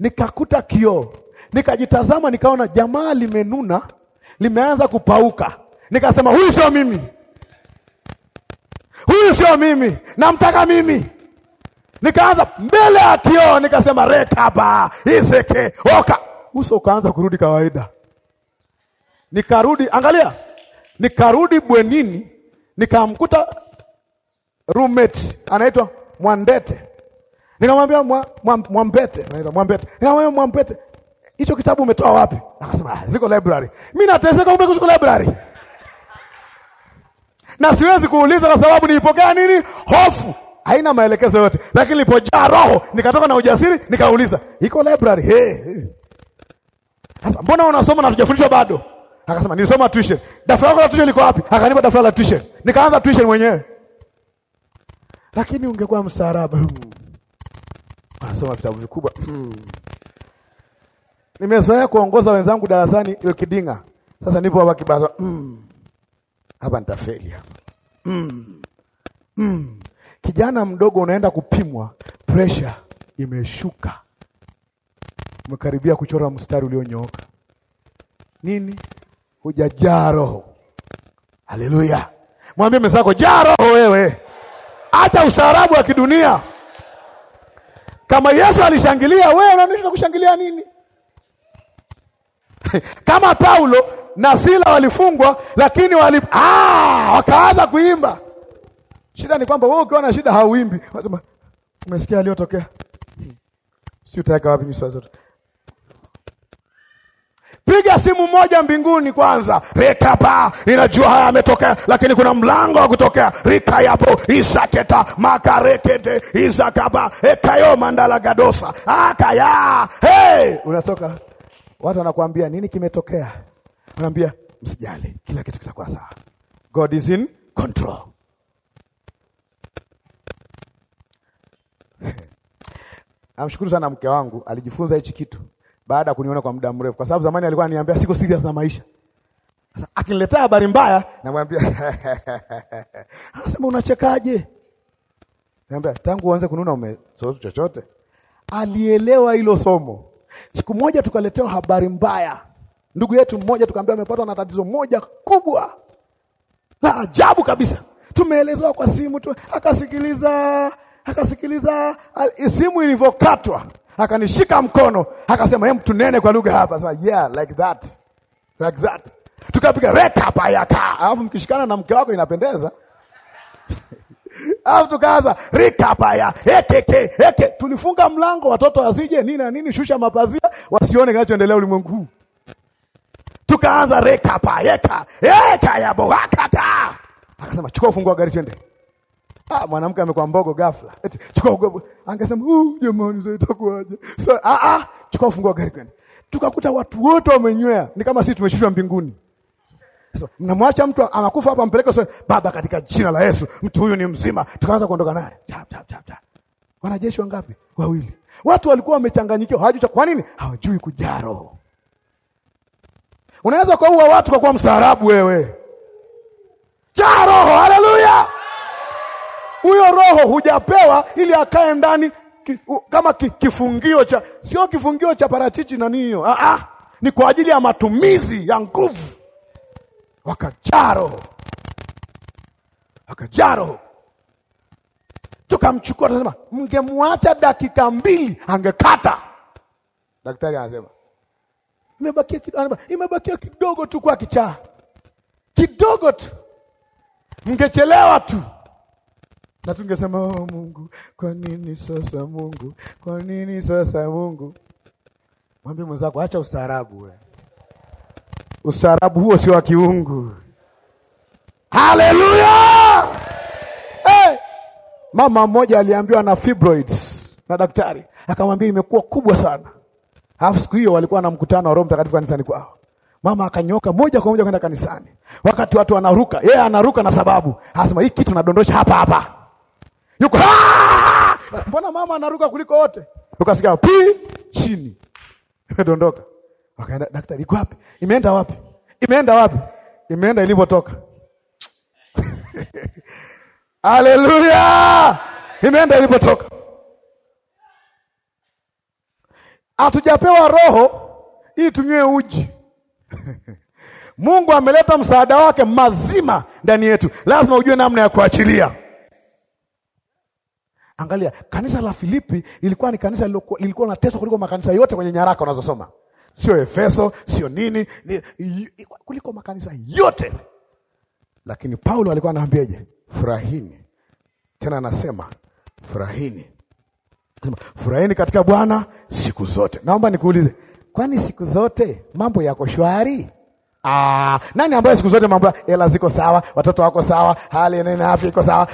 Nikakuta kioo. Nikajitazama nikaona jamaa limenuna, limeanza kupauka. Nikasema huyu sio mimi. Huyu sio mimi. Namtaka mimi. Nikaanza mbele ya kioo nikasema rekaba iseke oka, uso ukaanza kurudi kawaida. Nikarudi, angalia, nikarudi bwenini, nikamkuta roommate anaitwa Mwandete. Nikamwambia mwa, mwa, Mwambete, anaitwa Mwambete. Nikamwambia Mwambete, hicho kitabu umetoa wapi? Akasema ah, ziko library. mi nateseka, kumbe kuziko library na siwezi kuuliza kwa sababu niipokea nini, hofu haina maelekezo yote, lakini nilipojaa Roho nikatoka na ujasiri, nikauliza iko library hey. Sasa mbona unasoma na tujafundishwa bado? Akasema nisoma tuition. Daftari lako la tuition liko wapi? Akanipa daftari la tuition, nikaanza tuition mwenyewe. Lakini ungekuwa mstaaraba, anasoma vitabu vikubwa. Hmm. Nimezoea kuongoza wenzangu darasani Kidinga. sasa nipo hapa Kibaha hmm. hapa, nitafeli hapa. mm. mm. Kijana mdogo unaenda kupimwa presha, imeshuka, umekaribia kuchora mstari ulionyooka. Nini? Hujajaa Roho. Haleluya! Mwambie mwenzako, jaa Roho wewe, acha ustaarabu wa kidunia. Kama Yesu alishangilia, wewe unanishinda kushangilia nini? Kama Paulo na Sila walifungwa, lakini wali... ah, wakaanza kuimba Shida ni kwamba wewe ukiwa na shida hauimbi. Unasema umesikia aliyotokea. Sio utaweka wapi nyuso zote? Piga simu moja mbinguni kwanza. Rekapa, ninajua haya ametokea, lakini kuna mlango wa kutokea. Rika yapo isaketa makarekete isakaba ekayo mandala gadosa akaya. Hey, unatoka watu wanakuambia nini kimetokea? Unaambia msijali, kila kitu kitakuwa sawa. God is in control. Namshukuru sana mke wangu alijifunza hichi kitu baada ya kuniona kwa muda mrefu, kwa sababu zamani alikuwa ananiambia siko serious na maisha. Sasa akiniletea habari mbaya, namwambia anasema unachekaje? Niambia tangu uanze kununa umezoea chochote? Alielewa hilo somo. Siku moja tukaletewa habari mbaya, ndugu yetu mmoja, tukaambia amepatwa na tatizo moja kubwa la ajabu kabisa. Tumeelezewa kwa simu tu, akasikiliza akasikiliza isimu ilivyokatwa, akanishika mkono, akasema hem, tunene kwa lugha hapa. Sema yeah like that like that, tukapiga reka pa yaka, alafu mkishikana na mke wako inapendeza. Alafu tukaanza rikapaya ekeke eke, tulifunga mlango watoto wasije nini na nini, shusha mapazia wasione kinachoendelea ulimwengu huu. Tukaanza rekapayeka eka ya boakata, akasema chukua ufunguo wa gari twende. Ah, mwanamke amekuwa mbogo ghafla. Eti chukua ugobo. Angesema, "Uh, jamani sasa itakuwaje?" So, ah ah, chukua ufunguo gari kwenda. Tukakuta watu wote wamenywea. Ni kama sisi tumeshushwa mbinguni. So, mnamwacha mtu anakufa hapa mpeleke so, baba katika jina la Yesu, mtu huyu ni mzima. Tukaanza kuondoka naye. Tap tap tap tap. Wanajeshi wangapi? Wawili. Watu walikuwa wamechanganyikiwa, hawajui kwa nini? Hawajui kujaro. roho. Unaweza kuua watu kwa kuwa mstaarabu wewe. Jaa haleluya huyo roho hujapewa ili akae ndani ki, u, kama ki, kifungio cha sio kifungio cha parachichi na niniyo. Ah, ah, ni kwa ajili ya matumizi ya nguvu. Wakajaa roho, wakajaa roho, tukamchukua. Tunasema mngemwacha dakika mbili angekata. Daktari anasema imebakia kidogo, imebakia kidogo tu kwa kichaa kidogo tu, mngechelewa tu na tungesema oh, Mungu kwa nini sasa, Mungu kwa nini sasa, Mungu. Mwambie mwenzako acha ustaarabu, we ustaarabu huo sio wa kiungu. Haleluya! Hey! Eh! Mama mmoja aliambiwa na fibroids na daktari, akamwambia imekuwa kubwa sana. Alafu siku hiyo walikuwa na mkutano wa Roho Mtakatifu kanisani kwao. Mama akanyoka moja kwa moja kwenda kanisani, wakati watu wanaruka, yeye yeah, anaruka na sababu, anasema hii kitu nadondosha hapa hapa yuko ah! mbona mama anaruka kuliko wote? Ukasikia pi chini, imedondoka. Akaenda daktari, iko wapi? Imeenda wapi? Imeenda wapi? Imeenda ilipotoka. Haleluya! Imeenda ilipotoka. Hatujapewa roho ili tunywe uji. Mungu ameleta msaada wake mazima ndani yetu, lazima ujue namna ya kuachilia. Angalia, kanisa la Filipi lilikuwa ni kanisa lilikuwa nateswa kuliko makanisa yote kwenye nyaraka unazosoma, sio Efeso, sio nini ni, kuliko makanisa yote. Lakini Paulo alikuwa anaambiaje Furahini tena, anasema furahini, furahini katika Bwana siku zote. Naomba nikuulize, kwani siku zote mambo yako shwari? Ah, nani ambaye siku zote mambo hela ziko sawa, watoto wako sawa, hali nini afya iko sawa,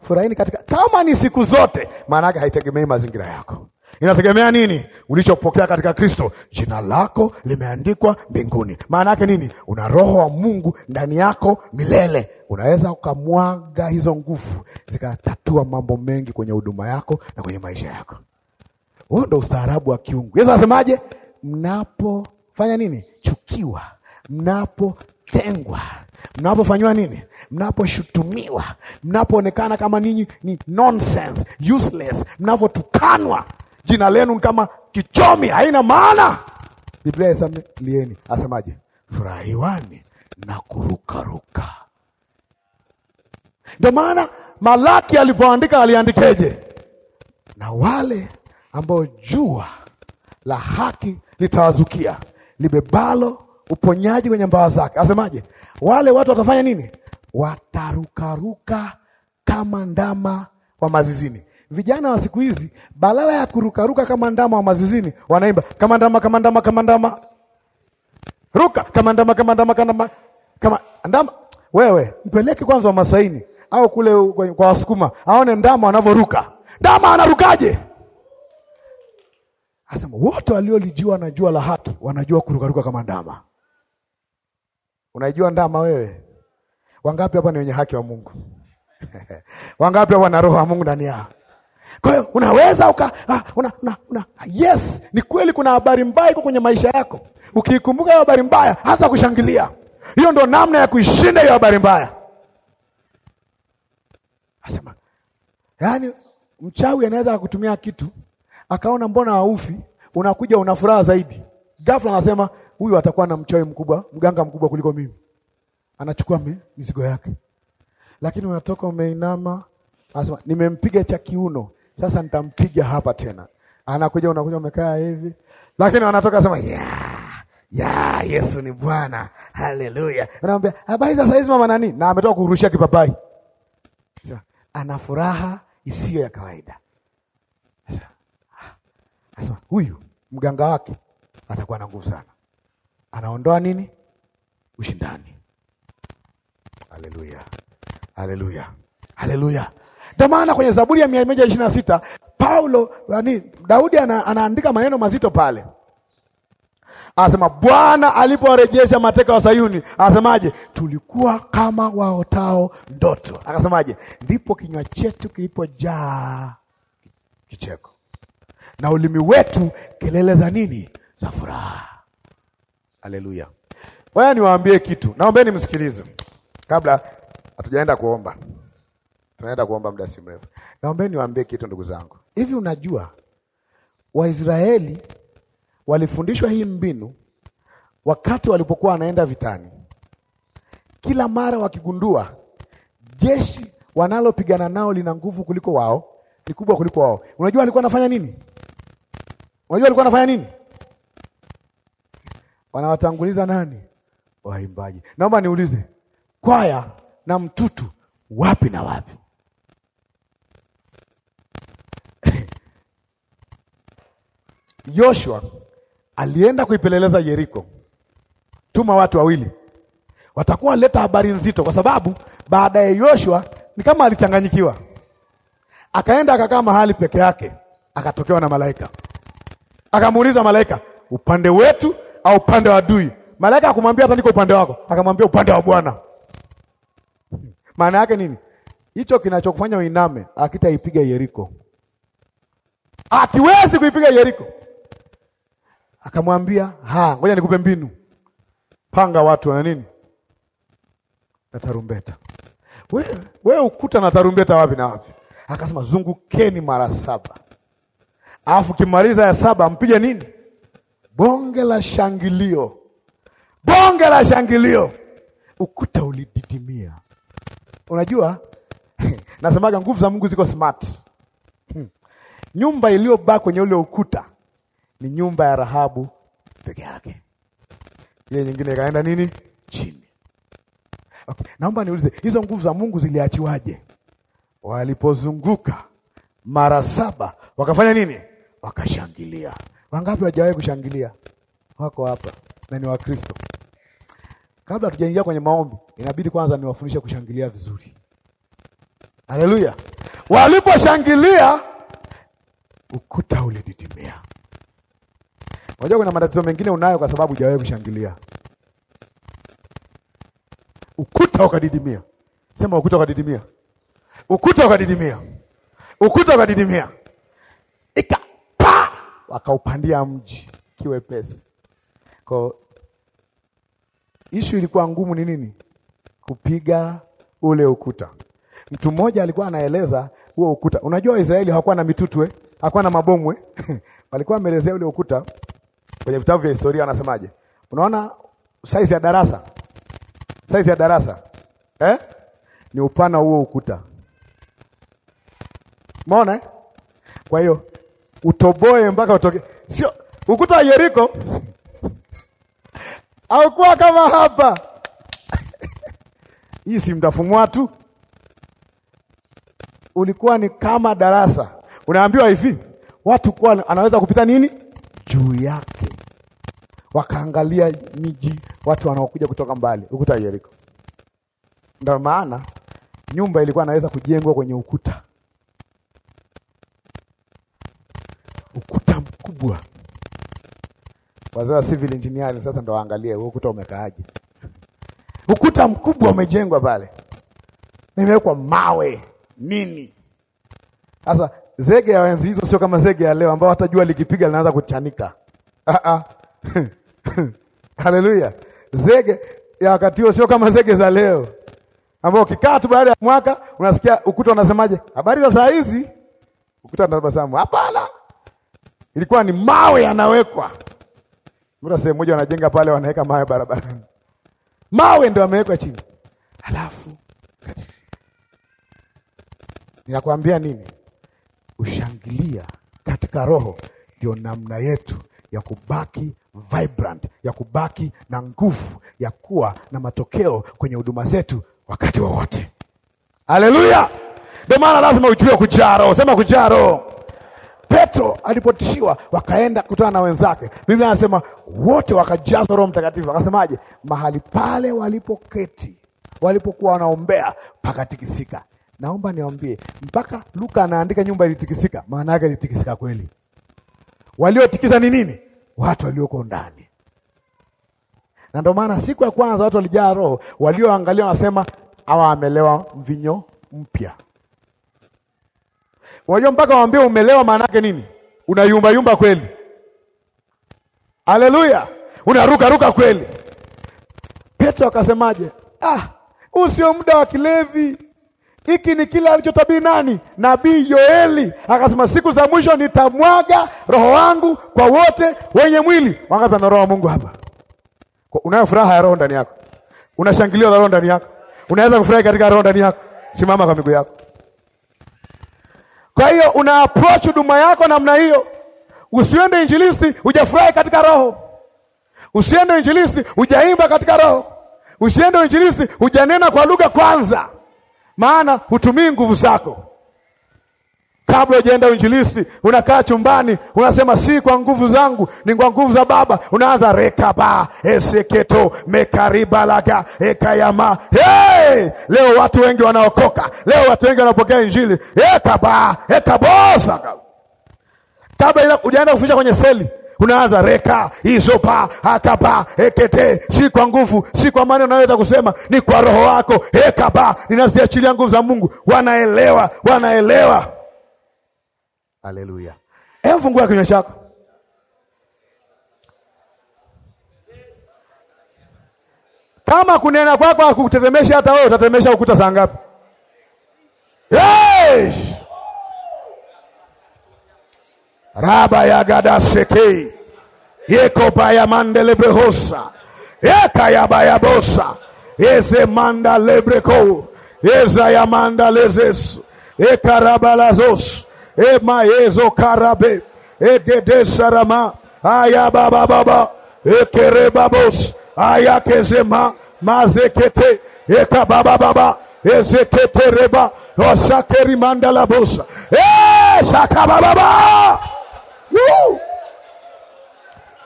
furahini katika. Kama ni siku zote, maana yake haitegemei mazingira yako, inategemea nini ulichopokea katika Kristo. Jina lako limeandikwa mbinguni, maana yake nini? Una roho wa Mungu ndani yako milele, unaweza ukamwaga hizo nguvu zikatatua mambo mengi kwenye huduma yako na kwenye maisha yako. Huo ndo ustaarabu wa kiungu. Yesu anasemaje? Mnapofanya nini? Chukiwa mnapotengwa, mnapofanyiwa nini, mnaposhutumiwa, mnapoonekana kama ninyi ni nonsense, useless, mnapotukanwa, jina lenu kama kichomi, haina maana. Biblia isema lieni, asemaje? Furahiwani na kurukaruka. Ndio maana Malaki alipoandika aliandikeje? Na wale ambao jua la haki litawazukia libebalo uponyaji kwenye mbawa zake. Asemaje? Wale watu watafanya nini? Watarukaruka kama ndama wa mazizini. Vijana wa siku hizi badala ya kurukaruka kama ndama wa mazizini, wanaimba kama ndama, kama ndama, kama ndama, ruka kama ndama, kama ndama, kama ndama, kama ndama. Wewe mpeleke kwanza wa Masaini au kule kwa Wasukuma aone ndama wanavyoruka. Ndama anarukaje? Asema wote waliolijua na jua la haki wanajua kurukaruka kama ndama. Unaijua ndama wewe? Wangapi hapa ni wenye haki wa Mungu? Wangapi hapa na roho wa Mungu ndani yao? Kwa hiyo unaweza uka, ah, una, una, una. Yes, ni kweli kuna habari mbaya iko kwenye maisha yako. Ukiikumbuka hiyo habari mbaya, hata kushangilia. Hiyo ndo namna ya kuishinda hiyo habari mbaya. Asema, yaani mchawi anaweza kutumia kitu, akaona mbona waufi unakuja una furaha zaidi. Ghafla anasema huyu atakuwa na mchawi mkubwa, mganga mkubwa kuliko mimi, anachukua mizigo yake. Lakini unatoka umeinama, anasema nimempiga cha kiuno, sasa nitampiga hapa tena. Anakuja, unakuja umekaa hivi, lakini anatoka sema ya Ya, Yesu ni Bwana, haleluya. Anamwambia habari za saizi mama nani, na ametoka kurushia kipapai. Ana furaha isiyo ya kawaida. Sasa ah, huyu mganga wake atakuwa na nguvu sana anaondoa nini? Ushindani. Haleluya, haleluya, haleluya. Ndio maana kwenye Zaburi ya mia moja ishirini na sita Paulo yaani Daudi ana, anaandika maneno mazito pale, anasema Bwana alipowarejesha mateka wa Sayuni anasemaje? Tulikuwa kama waotao ndoto, akasemaje? Ndipo kinywa chetu kilipojaa kicheko na ulimi wetu kelele za nini? Za furaha. Haleluya. Waya niwaambie kitu, naombeni msikilize kabla hatujaenda kuomba. Tunaenda kuomba muda si mrefu. Naombeni niwaambie kitu, ndugu zangu. Hivi unajua Waisraeli walifundishwa hii mbinu wakati walipokuwa wanaenda vitani. Kila mara wakigundua jeshi wanalopigana nao lina nguvu kuliko wao, ni kubwa kuliko wao, unajua likuwa anafanya nini? Unajua alikuwa anafanya nini? wanawatanguliza nani? Waimbaji. Naomba niulize, kwaya na mtutu wapi na wapi? Yoshua alienda kuipeleleza Yeriko. Tuma watu wawili, watakuwa waleta habari nzito, kwa sababu baada ya Yoshua ni kama alichanganyikiwa, akaenda akakaa mahali peke yake, akatokewa na malaika, akamuuliza malaika, upande wetu au upande wa adui. Malaika akumwambia hata niko upande wako, akamwambia upande wa Bwana. Maana yake nini? Hicho kinachokufanya uiname akitaipiga Yeriko, akiwezi kuipiga Yeriko. Akamwambia ha, ngoja nikupe mbinu, panga watu na nini na tarumbeta. Wewe we ukuta na tarumbeta wapi na wapi? Akasema zungukeni mara saba, alafu kimaliza ya saba mpige nini bonge la shangilio, bonge la shangilio, ukuta ulididimia. Unajua nasemaga nguvu za Mungu ziko smart. Hmm. Nyumba iliyobaa kwenye ule ukuta ni nyumba ya Rahabu peke yake, ile nyingine ikaenda nini chini. Okay. Naomba niulize, hizo nguvu za Mungu ziliachiwaje? Walipozunguka mara saba wakafanya nini? Wakashangilia. Wangapi wajawahi kushangilia? Wako hapa na ni Wakristo. Kabla tujaingia kwenye maombi, inabidi kwanza niwafundishe kushangilia vizuri. Haleluya! Waliposhangilia ukuta ulididimia. Unajua kuna matatizo mengine unayo kwa sababu hujawahi kushangilia, ukuta ukadidimia. Sema ukuta ukadidimia, ukuta ukadidimia, ukuta ukadidimia wakaupandia mji kiwepesi. Kwa ishu ilikuwa ngumu ni nini? Kupiga ule ukuta. Mtu mmoja alikuwa anaeleza huo ukuta. Unajua Waisraeli hawakuwa na mitutwe, eh? hawakuwa na mabomu walikuwa wameelezea ule ukuta kwenye vitabu vya historia, wanasemaje? Unaona saizi ya darasa, saizi ya darasa eh? ni upana huo ukuta, umeona. Eh? Kwa hiyo utoboe mpaka utoke. Sio ukuta wa Yeriko aukuwa kama hapa hii si mtafumua tu, ulikuwa ni kama darasa. Unaambiwa hivi watu kuwa anaweza kupita nini juu yake, wakaangalia miji, watu wanaokuja kutoka mbali, ukuta wa Yeriko. Ndio maana nyumba ilikuwa inaweza kujengwa kwenye ukuta kubwa. Wazee wa civil engineering sasa ndo waangalie ukuta umekaaje. Ukuta mkubwa umejengwa pale, nimewekwa mawe nini. Sasa zege ya wenzi hizo sio kama zege ya leo, ambao hata likipiga linaanza kuchanika. Haleluya! zege ya wakati huo sio kama zege za leo, ambao ukikaa tu baada ya mwaka unasikia ukuta unasemaje, habari za saa hizi. Ukuta unatabasamu, hapana ilikuwa ni mawe yanawekwa. Mbona sehemu moja wanajenga pale, wanaweka mawe barabarani, mawe ndio yamewekwa chini. Halafu ninakwambia nini? Ushangilia katika roho, ndio namna yetu ya kubaki vibrant, ya kubaki na nguvu, ya kuwa na matokeo kwenye huduma zetu wakati wowote wa. Haleluya! Ndio maana lazima ujue kujaa roho, sema kujaa roho Petro alipotishiwa, wakaenda kutana na wenzake. Biblia anasema wote wakajazwa Roho Mtakatifu. Akasemaje? mahali pale walipoketi, walipokuwa wanaombea pakatikisika. Naomba niwambie mpaka Luka anaandika nyumba ilitikisika, maana yake ilitikisika kweli. Waliotikisa ni nini? Watu walioko ndani. Na ndio maana siku ya kwanza watu walijaa Roho, walioangalia wanasema awa amelewa mvinyo mpya. Unajua mpaka waambie umelewa maana yake nini? Unayumba yumba kweli. Haleluya. Unaruka ruka kweli. Petro akasemaje? Ah, huu sio muda wa kilevi. Hiki ni kile alichotabiri nani? Nabii Yoeli akasema, siku za mwisho nitamwaga roho wangu kwa wote wenye mwili. Wangapi wana roho wa Mungu hapa? Unayo furaha ya roho ndani yako? Unashangilia roho ndani yako? Unaweza kufurahi katika roho ndani yako? Simama kwa miguu yako. Kwa hiyo una approach huduma yako namna hiyo. Usiende injilisi hujafurahi katika roho, usiende injilisi hujaimba katika roho, usiende injilisi hujanena kwa lugha kwanza, maana hutumii nguvu zako. Kabla hujaenda uinjilisi unakaa chumbani, unasema si kwa nguvu zangu, ni kwa nguvu za Baba. Unaanza rekaba eseketo mekaribalaga ekayama hey! hey, leo watu wengi wanaokoka, leo watu wengi wanapokea Injili. etaba etabosa kabla ila ujaenda kufisha kwenye seli unaanza reka izopa hatapa ekete, si kwa nguvu, si kwa maana unaweza kusema, ni kwa roho wako. Ekaba, ninaziachilia nguvu za Mungu. Wanaelewa, wanaelewa. Haleluya! Hebu fungua kinywa chako. Kama kunena kwako hakukutetemesha hata wewe utatetemesha ukuta saa ngapi? Yes! Raba ya gada sekei. Yeko baya mandele behosa. Yeka ya baya bosa. Yeze manda lebreko. Yeza ya manda lezesu. Eka raba lazos. Ema yezo karabe. Ege desarama. Aya baba baba. Eke rebabos. ayakezema mazekete ekababababa ezeketereba osakerimandalabosa eh, sakabababa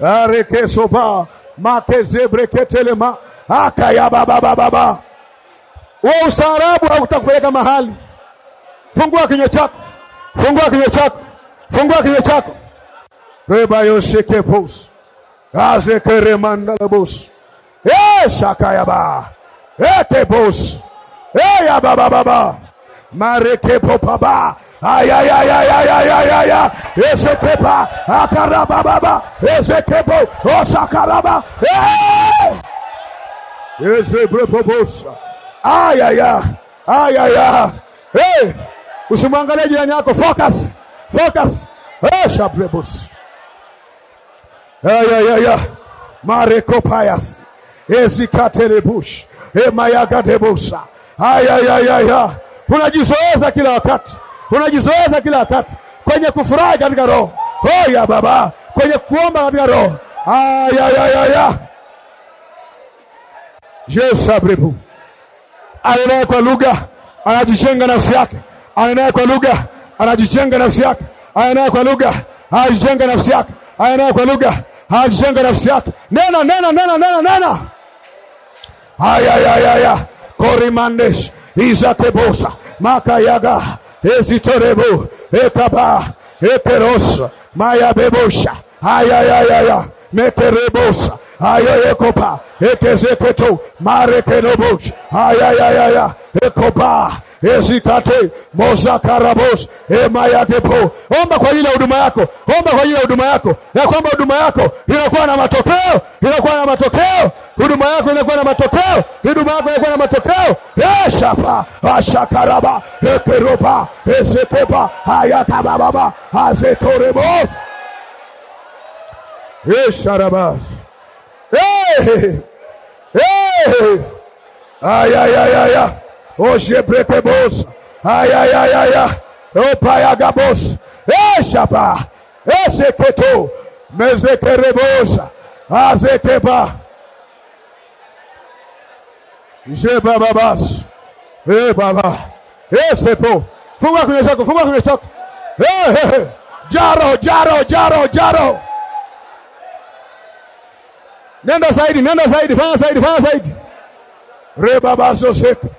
arekesoba makezebreketelema akayabababababa wa ustaarabu hautakupeleka mahali. Fungua kinywa chako, fungua kinywa chako, fungua kinywa chako rebayoshekeposi azekeremandalabos Eh, shakayaba. Eh, tebos. Eh, ya baba baba. Ayayayayayayaya. Ezekepa. Akaraba baba. Osakaraba. Ezebrepobos. Ayaya. Ayaya. Eh. Usimwangalie jirani yako. Focus. Focus. Eh, shabrebos. Ayayaya. Marekopayas ezikatelebush emayagadebusa ayayayaya. Unajizoeza kila wakati, unajizoeza kila wakati kwenye kufurahi katika roho hoya, oh, baba kwenye kuomba katika roho ayayayaya. Yesu abribu anaye kwa lugha anajijenga nafsi yake, anaye kwa lugha anajijenga nafsi yake, anaye kwa lugha anajijenga nafsi yake, anaye kwa lugha anajijenga nafsi yake. nena Nena, nena, nena, nena, nena ayayayaya korimandesh izatebosa makayaga ezitorebo ekaba ekerosa mayabebosha ayayayaya meterebosa ayoyekopa ekezeketo marekelobosha ayayayaya ekoba ezikate mozakarabos emayadepo. Omba kwa ajili ya huduma yako, omba kwa ajili ya huduma yako, ya kwamba huduma yako inakuwa na matokeo, inakuwa na matokeo, huduma yako inakuwa na matokeo, huduma yako inakuwa na matokeo. Eshapa ashakaraba ekeropa ezekepa hayakabababa azetoremos esharabas Hey! Hey! Ay, ay, ay, ay. Hoje é pretemos. É ai, ai, ai, ai, ai. O pai agabos. Ei, chapa. Esse que tu. Mezequerebos. babas, Jebababas. babá, Esse, é pô. Fuma com o choco, fuma com o choco. Jaro, jaro, jaro, jaro. Nenda Zaid, Nenda Zaid, Van Zaid, Van Zaid. Rebabazo seco.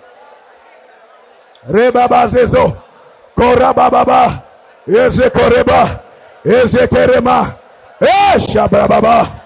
Koraba rebabazezo korabababa ezekoreba ezekerema Baba.